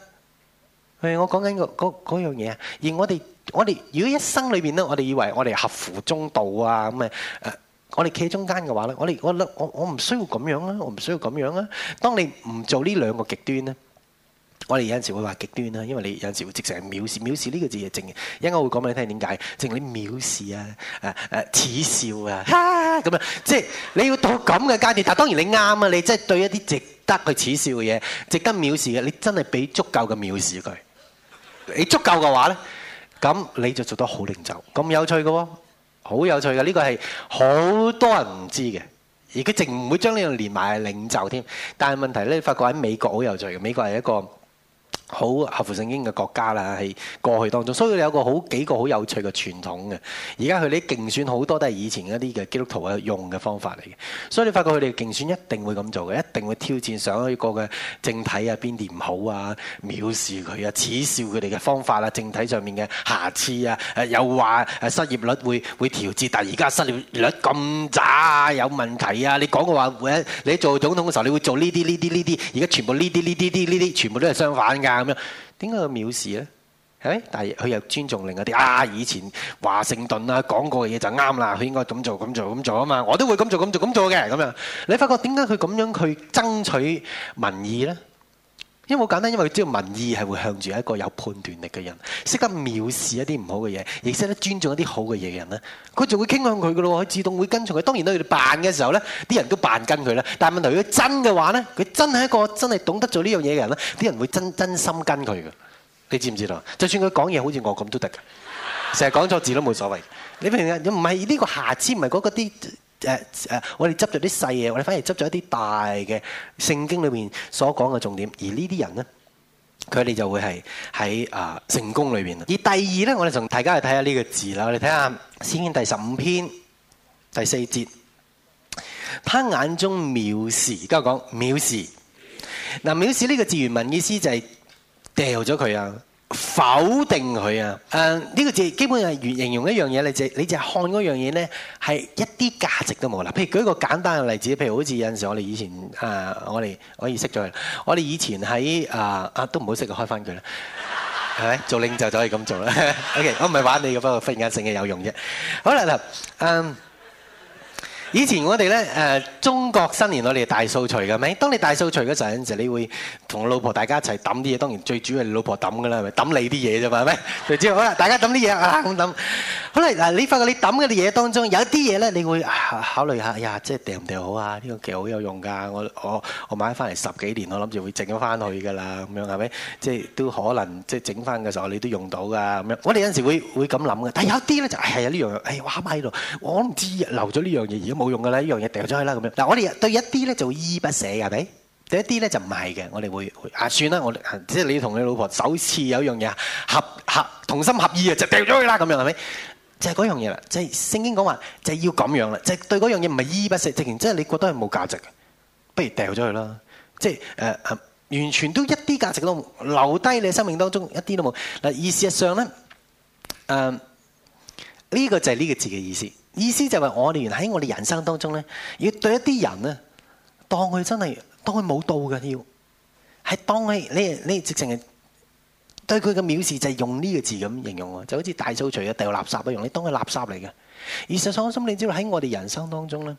誒，我講緊個嗰嗰樣嘢啊。而我哋我哋如果一生裏邊咧，我哋以為我哋合乎中道啊咁啊誒。我哋企喺中間嘅話咧，我哋我我我唔需要咁樣啦。我唔需要咁樣啦。當你唔做呢兩個極端咧，我哋有陣時會話極端啦，因為你有陣時會直成係藐視藐視呢個字嘅正。因為我會講俾你聽點解，正你藐視啊，誒、啊、誒、啊、恥笑啊，咁啊，樣即係你要到咁嘅階段。但係當然你啱啊，你即係對一啲值得去恥笑嘅嘢，值得藐視嘅，你真係俾足夠嘅藐視佢。你足夠嘅話咧，咁你就做得好靈秀，咁有趣嘅喎、啊。好有趣㗎，呢個係好多人唔知嘅，而佢淨唔會將呢樣連埋領袖添。但係問題呢，你發覺喺美國好有趣㗎，美國係一個。好合乎聖經嘅國家啦，係過去當中，所以有個好幾個好有趣嘅傳統嘅。而家佢哋競選好多都係以前一啲嘅基督徒啊用嘅方法嚟嘅，所以你發覺佢哋競選一定會咁做嘅，一定會挑戰上一個嘅政體啊，邊啲唔好啊，藐視佢啊，恥笑佢哋嘅方法啦、啊，政體上面嘅瑕疵啊，又話失業率會會調節，但係而家失業率咁渣啊，有問題啊！你講嘅話會，你做總統嘅時候，你會做呢啲呢啲呢啲，而家全部呢啲呢啲啲呢啲，全部都係相反㗎。點解佢藐視咧？誒，但係佢又尊重另外啲啊！以前華盛頓啊講過嘅嘢就啱啦，佢應該咁做咁做咁做啊嘛！我都會咁做咁做咁做嘅咁樣。你發覺點解佢咁樣去爭取民意咧？因為好簡單，因為佢知道民意係會向住一個有判斷力嘅人，識得藐視一啲唔好嘅嘢，亦識得尊重一啲好嘅嘢嘅人咧，佢仲會傾向佢嘅咯，佢自動會跟從佢。當然啦，佢扮嘅時候咧，啲人都扮跟佢啦。但問題如果真嘅話咧，佢真係一個真係懂得做呢樣嘢嘅人咧，啲人會真真心跟佢嘅。你知唔知道？就算佢講嘢好似我咁都得嘅，成日講錯字都冇所謂。你平日又唔係呢個瑕疵，唔係嗰個啲。誒誒、啊，我哋執咗啲細嘢，我哋反而執咗一啲大嘅聖經裏面所講嘅重點。而這呢啲人咧，佢哋就會係喺啊成功裏邊。而第二咧，我哋同大家去睇下呢個字啦。我哋睇下《詩篇》第十五篇第四節，他眼中藐視，而家講藐視。嗱，藐視呢個字原文意思就係掉咗佢啊。否定佢啊！誒、呃、呢、這個字基本上係形容一樣嘢，你淨你淨係看嗰樣嘢咧，係一啲價值都冇啦。譬如舉一個簡單嘅例子，譬如好似有陣時候我哋以前誒、呃，我哋可以識咗佢。我哋以前喺誒、呃、啊，都唔好識，開翻佢啦，係咪 做領袖就可以咁做啦 ？OK，我唔係玩你嘅，不過忽然間成嘢有用啫。好啦嗱，誒、呃、以前我哋咧誒中國新年我哋大掃除嘅咪，當你大掃除嗰陣時候，有陣時你會。同你我老婆大家一齊揼啲嘢，當然最主要係老婆揼㗎啦，係咪揼你啲嘢啫嘛，係咪？就係咁啦，大家揼啲嘢啊，咁揼。好啦，嗱，你發覺你揼啲嘢當中有啲嘢咧，你會考考慮下，哎呀，即係掉唔掉好啊？呢個其實好有用㗎，我我我買翻嚟十幾年，我諗住會整翻去㗎啦，咁樣係咪？即係都可能即係整翻嘅時候你都用到㗎，咁樣。我哋有陣時會會咁諗嘅，但係有啲咧就係啊呢樣，哎呀，我啱買到，我唔知留咗呢樣嘢而家冇用㗎啦，呢樣嘢掉咗去啦咁樣。但係我哋對一啲咧就依依不捨㗎，係咪？第一啲咧就唔係嘅，我哋會啊算啦，我哋，即係你同你老婆首次有一樣嘢合合同心合意啊，就掉咗佢啦，咁樣係咪？就係、是、嗰樣嘢啦，即係聖經講話，就係、是、要咁樣啦，就係、是、對嗰樣嘢唔係依依不捨，即係即係你覺得係冇價值，不如掉咗佢啦。即係誒、呃、完全都一啲價值都冇，留低你生命當中一啲都冇嗱。意思上咧，誒、呃、呢、這個就係呢個字嘅意思，意思就係我哋原來喺我哋人生當中咧，要對一啲人咧，當佢真係。當佢冇道嘅，要係當佢你你直情係對佢嘅藐視就是，就係用呢個字咁形容我，就好似大掃除啊，掉垃圾一樣。你當佢垃圾嚟嘅。而實際上，心你知道喺我哋人生當中咧，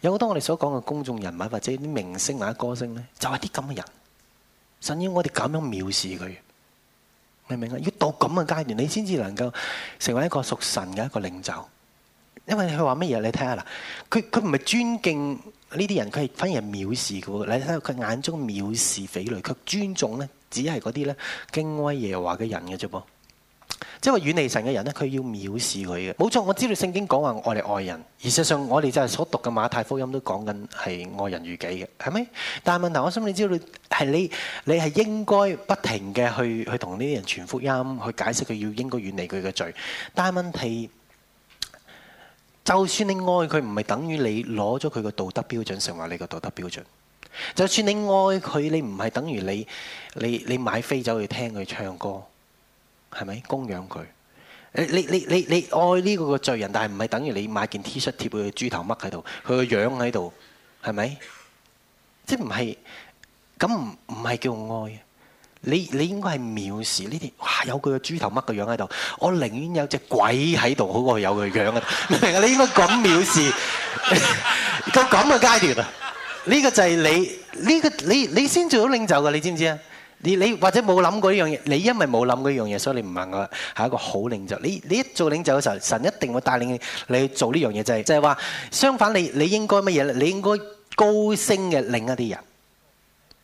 有好多我哋所講嘅公眾人物或者啲明星或者歌星咧，就係啲咁嘅人。神要我哋咁樣藐視佢，明唔明啊？要到咁嘅階段，你先至能夠成為一個屬神嘅一個領袖。因為佢話乜嘢？你睇下啦，佢佢唔係尊敬。呢啲人佢係反而係藐視佢，你睇下，佢眼中藐視匪類，佢尊重咧，只係嗰啲咧敬畏耶和華嘅人嘅啫噃。即係話遠離神嘅人咧，佢要藐視佢嘅。冇錯，我知道聖經講話愛你愛人，事實上我哋就係所讀嘅馬太福音都講緊係愛人如己嘅，係咪？但係問題，我心裏知道，係你你係應該不停嘅去去同呢啲人傳福音，去解釋佢要應該遠離佢嘅罪。但係問題。就算你愛佢，唔係等於你攞咗佢個道德標準成為你個道德標準。就算你愛佢，你唔係等於你你你買飛走去聽佢唱歌，係咪供養佢？你你你你愛呢個個罪人，但係唔係等於你買件 T 恤貼佢豬頭乜喺度，佢個樣喺度，係咪？即係唔係？咁唔唔係叫愛。你你應該係藐視呢啲，哇有佢個豬頭乜個樣喺度，我寧願有隻鬼喺度好過有佢樣啊！明唔明啊？你應該咁藐視， 到咁嘅階段啊！呢、這個就係你呢、這個你你先做到領袖嘅，你知唔知啊？你你或者冇諗過呢樣嘢，你因為冇諗過呢樣嘢，所以你唔問我啦。係一個好領袖，你你一做領袖嘅時候，神一定會帶領你去做呢樣嘢，就係即係話相反，你你應該乜嘢咧？你應該高升嘅領一啲人。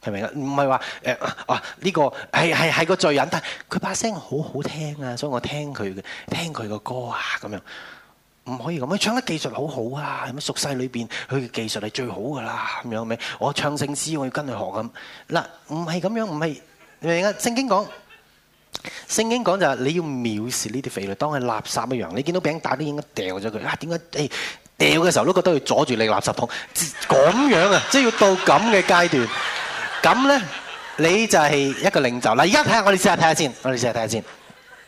係咪啊？唔係話，誒啊呢個係係係個罪人，但係佢把聲好好聽啊，所以我聽佢嘅、聽佢嘅歌啊，咁樣唔可以咁。佢唱得技術好好啊，咁熟世裏邊佢嘅技術係最好噶啦，咁樣咩？我唱聖詩，我要跟佢學咁嗱，唔係咁樣，唔係你明啊？聖經講，聖經講就係你要藐視呢啲匪類，當係垃圾一樣。你見到餅打都應該掉咗佢啊？點解誒掉嘅時候都覺得要阻住你垃圾桶咁樣啊？即係要到咁嘅階段。咁呢，你就係一個領袖。嗱，而家睇下，我哋試下睇下先，我哋試下睇下先。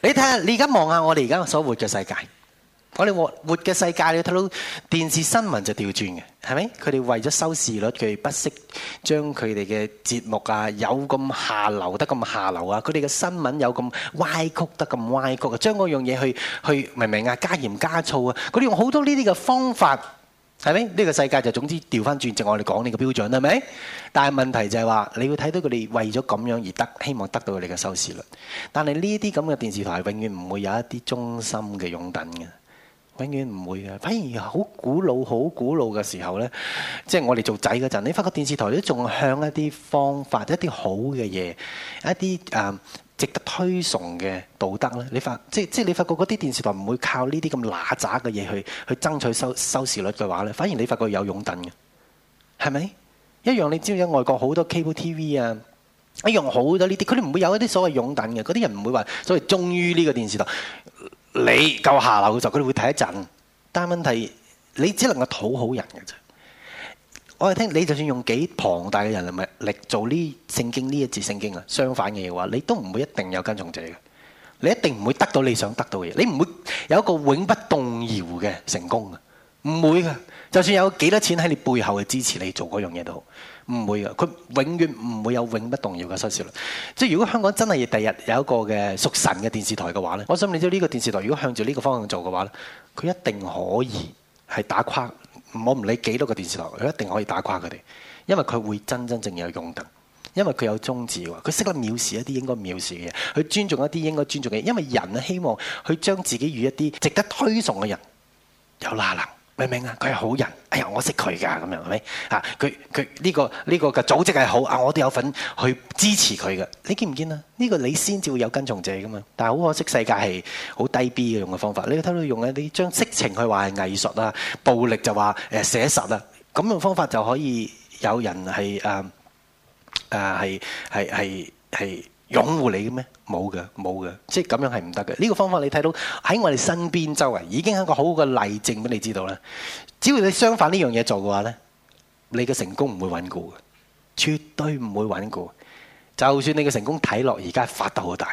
你睇下，你而家望下我哋而家所活嘅世界，我哋活活嘅世界，你睇到電視新聞就調轉嘅，係咪？佢哋為咗收視率，佢不惜將佢哋嘅節目啊，有咁下流得咁下流啊！佢哋嘅新聞有咁歪曲得咁歪曲啊！將嗰樣嘢去去，明唔明啊？加鹽加醋啊！佢哋用好多呢啲嘅方法。係咪？呢個世界就總之調翻轉，正我哋講呢個標準啦，係咪？但係問題就係話，你會睇到佢哋為咗咁樣而得，希望得到佢哋嘅收視率。但係呢啲咁嘅電視台，永遠唔會有一啲忠心嘅擁躉嘅，永遠唔會嘅。反而好古老、好古老嘅時候呢，即係我哋做仔嗰陣，你發覺電視台都仲向一啲方法、一啲好嘅嘢、一啲誒值得推崇嘅道德咧，你發即係即係你發覺嗰啲電視台唔會靠呢啲咁乸渣嘅嘢去去爭取收收視率嘅話咧，反而你發覺有擁躉嘅，係咪一樣？你知唔知外國好多 cable TV 啊，一樣好多呢啲，佢哋唔會有一啲所謂擁躉嘅嗰啲人唔會話所謂忠於呢個電視台。你夠下流嘅時候，佢哋會睇一陣，但問題你只能夠討好人嘅啫。我哋聽你，就算用幾龐大嘅人力物力做呢聖經呢一節聖經啊，相反嘅嘢話，你都唔會一定有跟從者嘅，你一定唔會得到你想得到嘅嘢，你唔會有一個永不動搖嘅成功嘅，唔會嘅。就算有幾多錢喺你背後嘅支持你做嗰樣嘢都好，唔會嘅，佢永遠唔會有永不動搖嘅收視率。即係如果香港真係第日有一個嘅屬神嘅電視台嘅話咧，我想你知呢個電視台如果向住呢個方向做嘅話咧，佢一定可以係打垮。我唔理幾多個電視台，佢一定可以打垮佢哋，因為佢會真真正正有用㗎，因為佢有宗旨喎。佢識得藐視一啲應該藐視嘅人，佢尊重一啲應該尊重嘅，因為人啊希望佢將自己與一啲值得推崇嘅人有拉攏。明唔明啊？佢係好人，哎呀，我識佢噶，咁樣，係咪啊？佢佢呢個呢個嘅組織係好啊，我都有份去支持佢嘅。你見唔見啊？呢個你先至會有跟從者噶嘛。但係好可惜，世界係好低 B 嘅用嘅方法。你睇到用一啲將色情去話係藝術啊，暴力就話誒寫實啊。咁樣的方法就可以有人係誒誒係係係係擁護你嘅咩？冇嘅，冇嘅，即係咁樣係唔得嘅。呢個方法你睇到喺我哋身邊周圍已經係一個好好嘅例證俾你知道啦。只要你相反呢樣嘢做嘅話呢，你嘅成功唔會穩固嘅，絕對唔會穩固。就算你嘅成功睇落而家發得好大，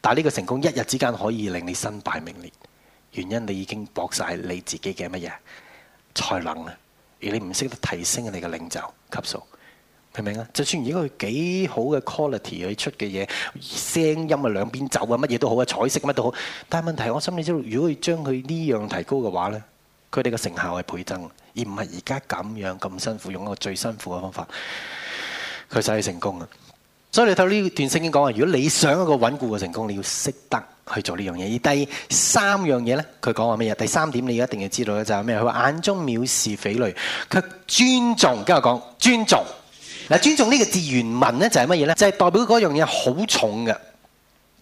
但係呢個成功一日之間可以令你身敗名裂，原因你已經搏晒你自己嘅乜嘢才能啊，而你唔識得提升你嘅領袖級數。明唔明啊？就算而家佢幾好嘅 quality 佢出嘅嘢，聲音啊，兩邊走啊，乜嘢都好啊，彩色乜都好，但係問題我心裏知道，如果佢將佢呢樣提高嘅話咧，佢哋嘅成效係倍增，而唔係而家咁樣咁辛苦用一個最辛苦嘅方法，佢就以成功嘅。所以你睇呢段聖經講話，如果你想一個穩固嘅成功，你要識得去做呢樣嘢。而第三樣嘢咧，佢講話咩嘢？第三點你一定要知道咧，就係咩？佢話眼中藐視匪類，佢尊重。跟住我講尊重。嗱，尊重呢個字原文咧就係乜嘢咧？就係代表嗰樣嘢好重嘅，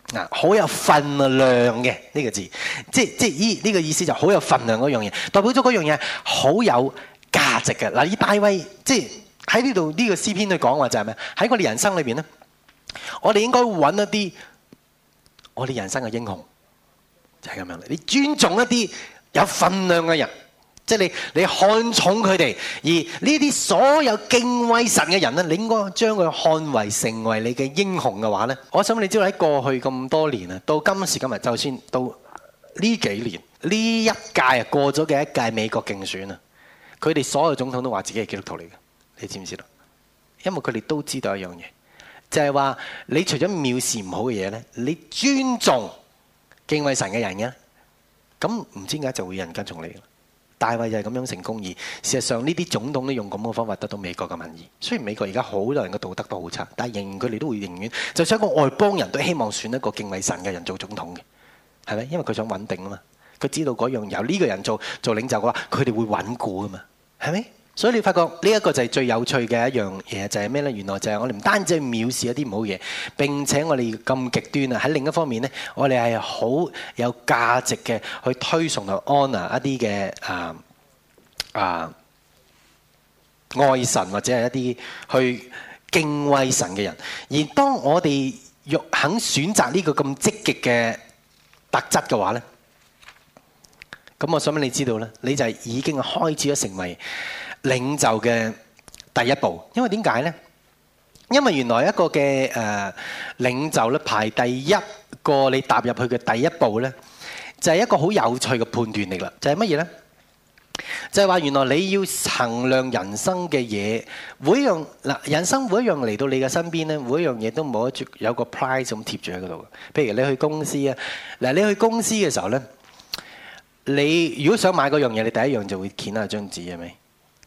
嗱，好有分量嘅呢個字，即係即係依呢個意思就好有分量嗰樣嘢，代表咗嗰樣嘢好有價值嘅。嗱，以大衛，即係喺呢度呢個詩篇去講話就係咩？喺我哋人生裏邊咧，我哋應該揾一啲我哋人生嘅英雄，就係咁樣嚟。你尊重一啲有分量嘅人。即係你，你看重佢哋，而呢啲所有敬畏神嘅人咧，你應該將佢看為成為你嘅英雄嘅話咧，我想你知道，喺過去咁多年啊，到今時今日，就算到呢幾年呢一屆啊，過咗嘅一屆美國競選啊，佢哋所有總統都話自己係基督徒嚟嘅，你知唔知道？因為佢哋都知道一樣嘢，就係話你除咗藐視唔好嘅嘢咧，你尊重敬畏神嘅人嘅，咁唔知點解就會有人跟從你嘅。大衛就係咁樣成功。而事實上呢啲總統都用咁嘅方法得到美國嘅民意。雖然美國而家好多人嘅道德都好差，但係仍然佢哋都會寧願，就像一個外邦人都希望選一個敬畏神嘅人做總統嘅，係咪？因為佢想穩定啊嘛。佢知道嗰樣由呢個人做做領袖嘅話，佢哋會穩固啊嘛，係咪？所以你發覺呢一個就係最有趣嘅一樣嘢，就係咩呢？原來就係我哋唔單止去藐視一啲唔好嘢，並且我哋咁極端啊！喺另一方面呢，我哋係好有價值嘅去推崇同 honour 一啲嘅啊啊愛神或者係一啲去敬畏神嘅人。而當我哋欲肯選擇呢個咁積極嘅特質嘅話呢，咁我想俾你知道呢，你就係已經開始咗成為領袖嘅第一步，因為點解呢？因為原來一個嘅誒、呃、領袖咧，排第一個你踏入去嘅第一步呢，就係、是、一個好有趣嘅判斷力啦。就係乜嘢呢？就係、是、話原來你要衡量人生嘅嘢，每一樣嗱，人生每一樣嚟到你嘅身邊呢，每一樣嘢都冇一有個 price 咁貼住喺嗰度。譬如你去公司啊，嗱，你去公司嘅時候呢，你如果想買嗰樣嘢，你第一樣就會掀下張紙係咪？是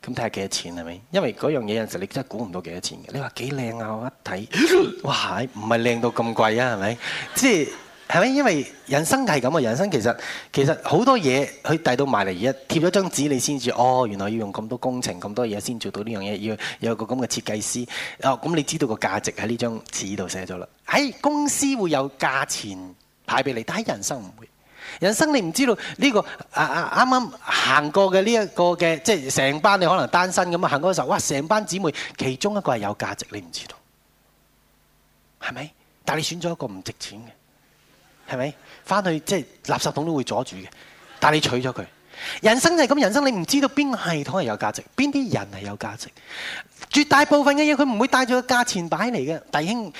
咁睇下幾多錢係咪？因為嗰樣嘢有陣時你真係估唔到幾多錢嘅。你話幾靚啊！我一睇，哇！唔係靚到咁貴啊，係咪？即係係咪？因為人生係咁啊！人生其實其實好多嘢，佢遞到埋嚟，而家貼咗張紙你，你先知哦。原來要用咁多工程、咁多嘢先做到呢樣嘢，要有個咁嘅設計師。哦，咁你知道個價值喺呢張紙度寫咗啦。喺、哎、公司會有價錢派俾你，但係人生唔會。人生你唔知道呢個啊，啊啱啱行過嘅呢一個嘅，即係成班你可能單身咁啊，行過嘅時候，哇！成班姊妹其中一個係有價值，你唔知道係咪？但係你選咗一個唔值錢嘅，係咪？翻去即係垃圾桶都會阻住嘅。但係你娶咗佢，人生就係咁。人生你唔知道邊個系統係有價值，邊啲人係有價值。絕大部分嘅嘢佢唔會帶咗個價錢牌嚟嘅，弟兄。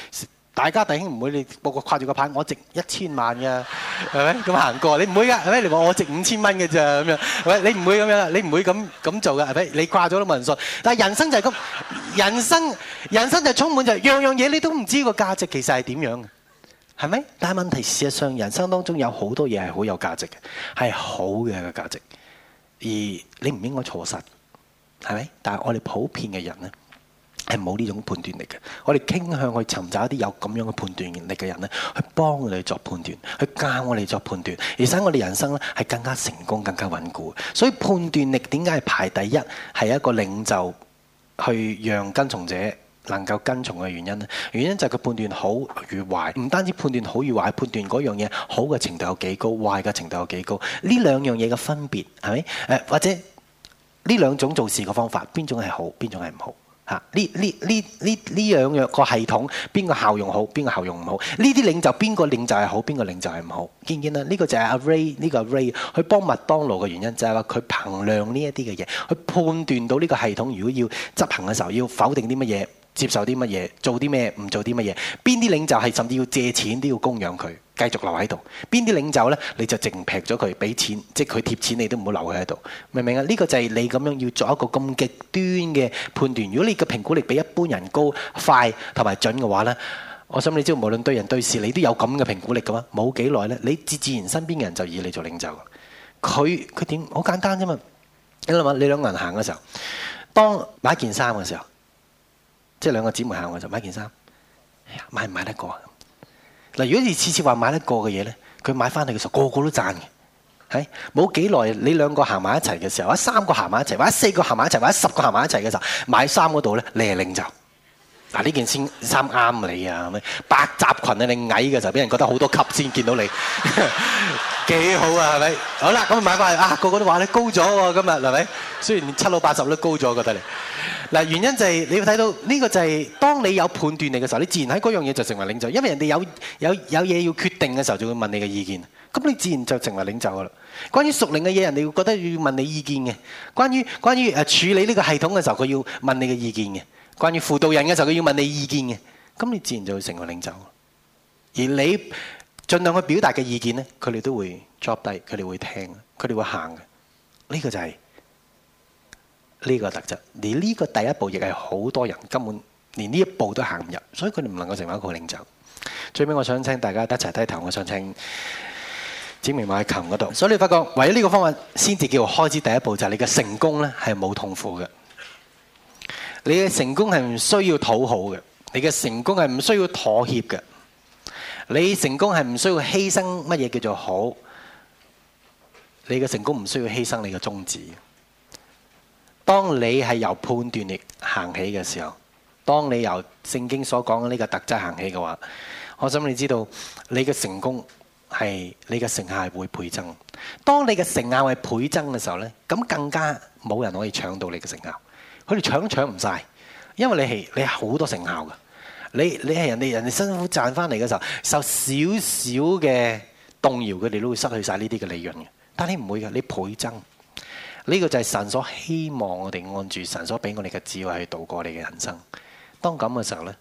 大家弟兄唔會你掛個個掛住個牌，我值一千萬嘅，係咪咁行過？你唔會㗎，係咪你話我值五千蚊嘅啫？咁樣，係咪你唔會咁樣？你唔會咁咁做嘅，係咪？你掛咗都冇人信。但係人生就係咁，人生人生就充滿就係、是、樣樣嘢，你都唔知個價值其實係點樣，係咪？但係問題事實上，人生當中有，多有好多嘢係好有價值嘅，係好嘅個價值，而你唔應該錯失，係咪？但係我哋普遍嘅人咧。係冇呢種判斷力嘅，我哋傾向去尋找一啲有咁樣嘅判斷力嘅人咧，去幫我哋作判斷，去教我哋作判斷，而使我哋人生咧係更加成功、更加穩固。所以判斷力點解係排第一，係一個領袖去讓跟從者能夠跟從嘅原因咧？原因就係佢判斷好與壞，唔單止判斷好與壞，判斷嗰樣嘢好嘅程度有幾高，壞嘅程度有幾高，呢兩樣嘢嘅分別係咪？誒，或者呢兩種做事嘅方法，邊種係好，邊種係唔好？嚇！呢呢呢呢呢兩樣個系統邊個效用好，邊個效用唔好？呢啲領袖邊個領袖係好，邊個領袖係唔好？見唔見啦？呢、這個就係阿 Ray 呢個 Ray 去幫麥當勞嘅原因，就係話佢衡量呢一啲嘅嘢，去判斷到呢個系統如果要執行嘅時候，要否定啲乜嘢，接受啲乜嘢，做啲咩唔做啲乜嘢，邊啲領袖係甚至要借錢都要供養佢。繼續留喺度，邊啲領袖咧？你就淨劈咗佢，俾錢，即係佢貼錢，你都唔好留佢喺度，明唔明啊？呢個就係你咁樣要做一個咁極端嘅判斷。如果你嘅評估力比一般人高、快同埋準嘅話咧，我想你知道，無論對人對事，你都有咁嘅評估力嘅嘛。冇幾耐咧，你自自然身邊嘅人就以你做領袖。佢佢點？好簡單啫嘛！你諗下，你兩個人行嘅時候，當買一件衫嘅時候，即係兩個姊妹行嘅時候買一件衫，哎呀，買唔買得過啊？如果你次次話買得過嘅嘢呢，佢買返嚟嘅時候個個都讚嘅，係冇幾耐你兩個行埋一齊嘅時候，或者三個行埋一齊，或者四個行埋一齊，或者十個行埋一齊嘅時候，買衫嗰度呢，你係領袖。嗱，呢件先衫啱你啊！咩百褶裙啊？你矮嘅時候，俾人覺得好多級先見到你，幾 好啊？係咪？好啦，咁買翻嚟啊！個個都話你高咗喎，今日係咪？雖然七老八十都高咗，我覺得你嗱原因就係、是、你會睇到呢、這個就係、是、當你有判斷力嘅時候，你自然喺嗰樣嘢就成為領袖，因為人哋有有有嘢要決定嘅時候就會問你嘅意見，咁你自然就成為領袖噶啦。關於熟練嘅嘢，人哋會覺得要問你意見嘅；關於關於誒、呃、處理呢個系統嘅時候，佢要問你嘅意見嘅。關於輔導人嘅時候，佢要問你意見嘅，咁你自然就會成為領袖。而你盡量去表達嘅意見咧，佢哋都會 drop 低，佢哋會聽，佢哋會行嘅。呢、這個就係、是、呢、這個特質。你、這、呢個第一步，亦係好多人根本連呢一步都行唔入，所以佢哋唔能夠成為一個領袖。最尾我想請大家一齊低頭，我想請指明埋琴嗰度。所以你發覺，唯有呢個方法先至叫做開始第一步，就係、是、你嘅成功是係冇痛苦嘅。你嘅成功係唔需要討好嘅，你嘅成功係唔需要妥協嘅，你成功係唔需要犧牲乜嘢叫做好，你嘅成功唔需要犧牲你嘅宗旨。當你係由判斷力行起嘅時候，當你由聖經所講嘅呢個特質行起嘅話，我想你知道你嘅成功係你嘅成效係會倍增。當你嘅成效係倍增嘅時候呢，咁更加冇人可以搶到你嘅成效。佢哋搶都搶唔曬，因為你係你係好多成效噶，你你係人哋人哋辛苦賺返嚟嘅時候，受少少嘅動搖，佢哋都會失去曬呢啲嘅利潤嘅。但係你唔會嘅，你倍增呢個就係神所希望我哋按住神所俾我哋嘅智慧去度過你嘅人生。當咁嘅時候咧，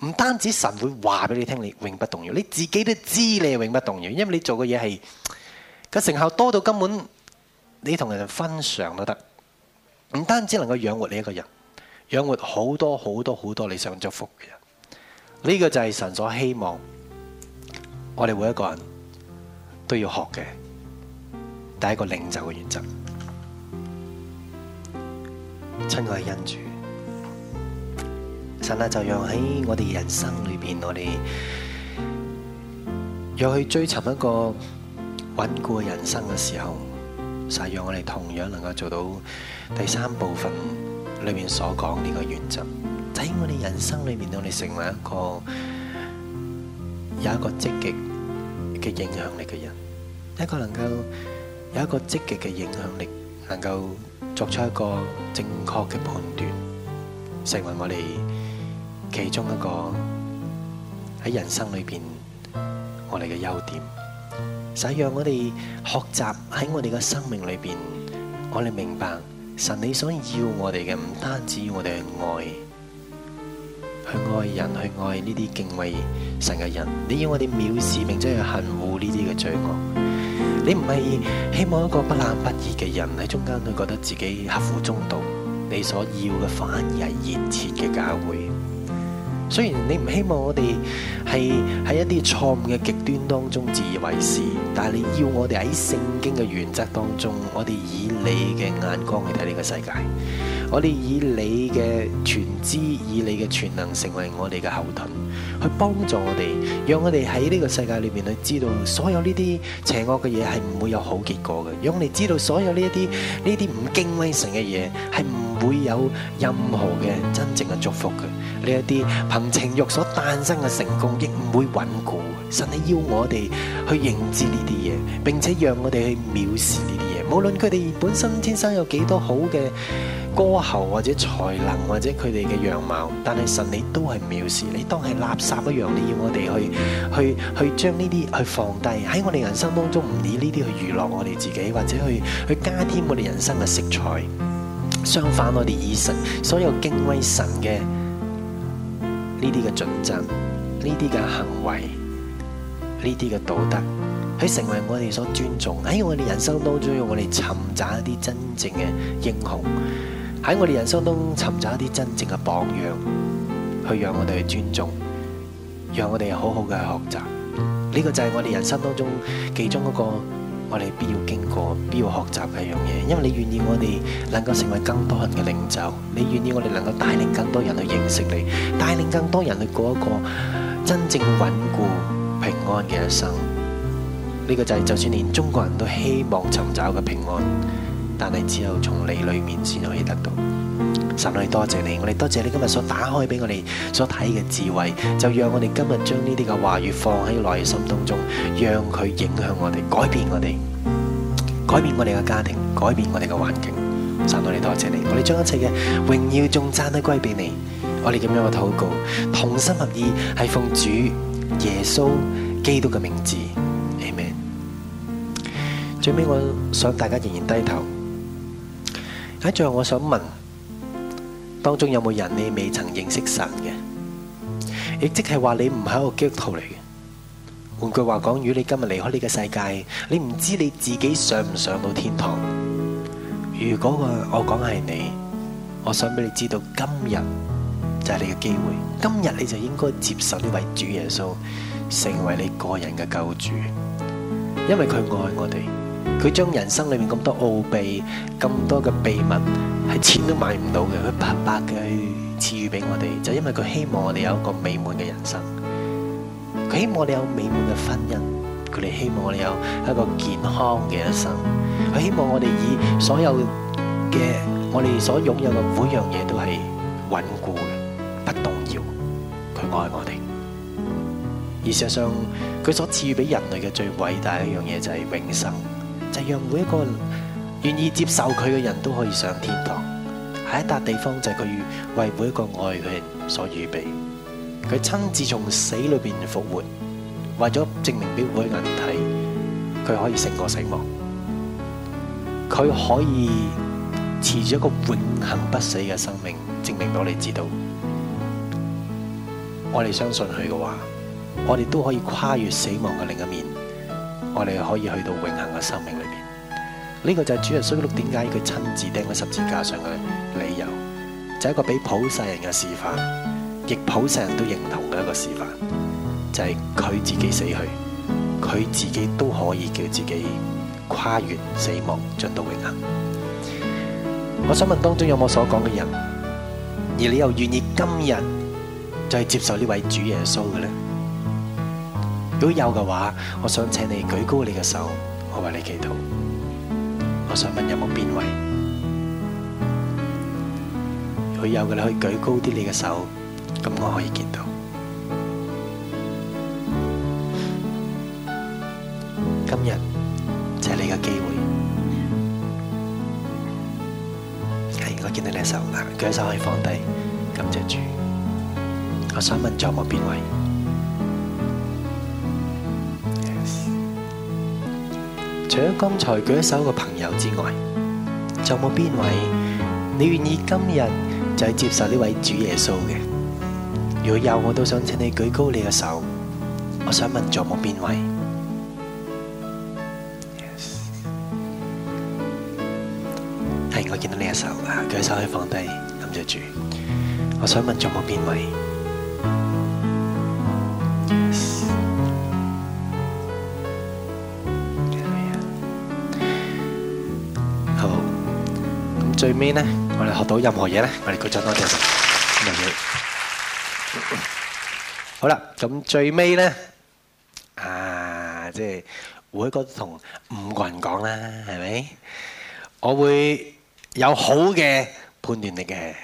唔單止神會話俾你聽，你永不動搖，你自己都知你永不動搖，因為你做嘅嘢係個成效多到根本你同人哋分享都得唔單止能夠養活你一個人，養活好多好多好多你想祝福嘅人，呢個就係神所希望，我哋每一個人都要學嘅第一個領袖嘅原則。親愛嘅恩主，神啊，就讓喺我哋人生裏邊，我哋若去追尋一個穩固嘅人生嘅時候，就讓我哋同樣能夠做到。第三部分裏面所講呢個原則，就喺我哋人生裏面，我哋成為一個有一個積極嘅影響力嘅人，一個能夠有一個積極嘅影響力，能夠作出一個正確嘅判斷，成為我哋其中一個喺人生裏邊我哋嘅優點，使讓我哋學習喺我哋嘅生命裏邊，我哋明白。神，你所要我哋嘅唔單止要我哋去愛，去愛人，去愛呢啲敬畏神嘅人。你要我哋藐視並且去恨惡呢啲嘅罪惡。你唔係希望一個不冷不熱嘅人喺中間，都覺得自己合乎中道。你所要嘅反而係熱切嘅教會。雖然你唔希望我哋係喺一啲錯誤嘅極端當中自以為是，但係你要我哋喺聖經嘅原則當中，我哋以你嘅眼光去睇呢個世界，我哋以你嘅全知、以你嘅全能成為我哋嘅後盾，去幫助我哋，讓我哋喺呢個世界裏面去知道所有呢啲邪惡嘅嘢係唔會有好結果嘅，讓我哋知道所有呢一啲呢啲唔敬畏神嘅嘢係唔會有任何嘅真正嘅祝福嘅。呢一啲憑情欲所誕生嘅成功，亦唔會穩固。神你要我哋去認知呢啲嘢，並且讓我哋去藐視呢啲嘢。無論佢哋本身天生有幾多好嘅歌喉、或者才能、或者佢哋嘅樣貌，但係神你都係藐視你，當係垃圾一樣。你要我哋去去去將呢啲去放低喺我哋人生當中，唔理呢啲去娛樂我哋自己，或者去去加添我哋人生嘅色彩。相反，我哋以神所有敬畏神嘅呢啲嘅準則，呢啲嘅行為，呢啲嘅道德，去成為我哋所尊重。喺我哋人生當中，要，我哋尋找一啲真正嘅英雄，喺我哋人生當中尋找一啲真正嘅榜樣，去讓我哋去尊重，讓我哋好好嘅學習。呢、這個就係我哋人生當中其中嗰個。我哋必要經過、必要學習嘅一樣嘢，因為你願意我哋能夠成為更多人嘅領袖，你願意我哋能夠帶領更多人去認識你，帶領更多人去過一個真正穩固平安嘅一生。呢個就係就算連中國人都希望尋找嘅平安，但係只有從你裡面先可以得到。神愛，多謝你，我哋多謝你今日所打開俾我哋所睇嘅智慧，就讓我哋今日將呢啲嘅話語放喺內心當中，讓佢影響我哋，改變我哋，改變我哋嘅家庭，改變我哋嘅環境。神愛，多謝你，我哋將一切嘅榮耀仲讚美歸俾你，我哋咁樣嘅禱告，同心合意係奉主耶穌基督嘅名字，阿門。最尾我想大家仍然低頭，喺最後我想問。當中有冇人你未曾認識神嘅？亦即係話你唔係一個基督徒嚟嘅。換句話講，如果你今日離開呢個世界，你唔知你自己上唔上到天堂。如果我講係你，我想俾你知道，今日就係你嘅機會。今日你就應該接受呢位主耶穌，成為你個人嘅救主，因為佢愛我哋。佢將人生裏面咁多奧秘、咁多嘅秘密，係錢都買唔到嘅。佢白白嘅去賜予俾我哋，就因為佢希望我哋有一個美滿嘅人生。佢希望我哋有美滿嘅婚姻，佢哋希望我哋有一個健康嘅一生。佢希望我哋以所有嘅我哋所擁有嘅每樣嘢都係穩固嘅，不動搖。佢愛我哋，而事實上，佢所賜予俾人類嘅最偉大嘅一樣嘢就係永生。就是讓每一個願意接受佢嘅人都可以上天堂，喺一笪地方，就係佢為每一個愛佢人所預備。佢親自從死裏邊復活，為咗證明俾每一個人睇，佢可以勝過死亡，佢可以持住一個永恒不死嘅生命，證明到你知道，我哋相信佢嘅話，我哋都可以跨越死亡嘅另一面。我哋可以去到永恒嘅生命裏邊，呢、這個就係主耶穌點解佢親自釘喺十字架上嘅理由，就係、是、一個俾普世人嘅示範，亦普世人都認同嘅一個示範，就係、是、佢自己死去，佢自己都可以叫自己跨越死亡，進到永恒。我想問當中有冇所講嘅人，而你又願意今日就係接受呢位主耶穌嘅咧？如果有嘅話，我想請你舉高你嘅手，我為你祈禱。我想問有冇邊位？如果有嘅，你可以舉高啲你嘅手，咁我可以見到。今日借你嘅機會，係我見到你手，舉手可以放低，感謝主。我想問仲有冇邊位？除咗剛才舉手嘅朋友之外，仲有冇邊位你願意今日就係接受呢位主耶穌嘅？如果有，我都想請你舉高你嘅手。我想問，仲有冇邊位？係，我見到你嘅手，舉手可以放低，咁就住。我想問，仲有冇邊位？最尾咧，我哋學到任何嘢咧，我哋鼓掌多謝。好啦，咁最尾咧，啊，即係會一個同五個人講啦，係咪？我會有好嘅判斷力嘅。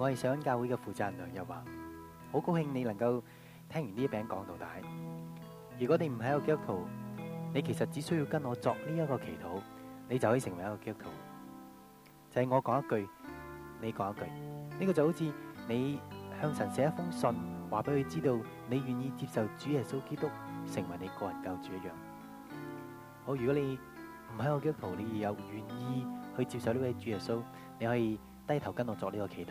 我係上恩教會嘅負責人梁日華，好高興你能夠聽完呢一餅講到大。如果你唔係一個基督徒，你其實只需要跟我作呢一個祈禱，你就可以成為一個基督徒。就係我講一句，你講一句，呢個就好似你向神寫一封信，話俾佢知道你願意接受主耶穌基督成為你個人救主一樣。好，如果你唔係一個基督徒，你又願意去接受呢位主耶穌，你可以低頭跟我作呢個祈禱。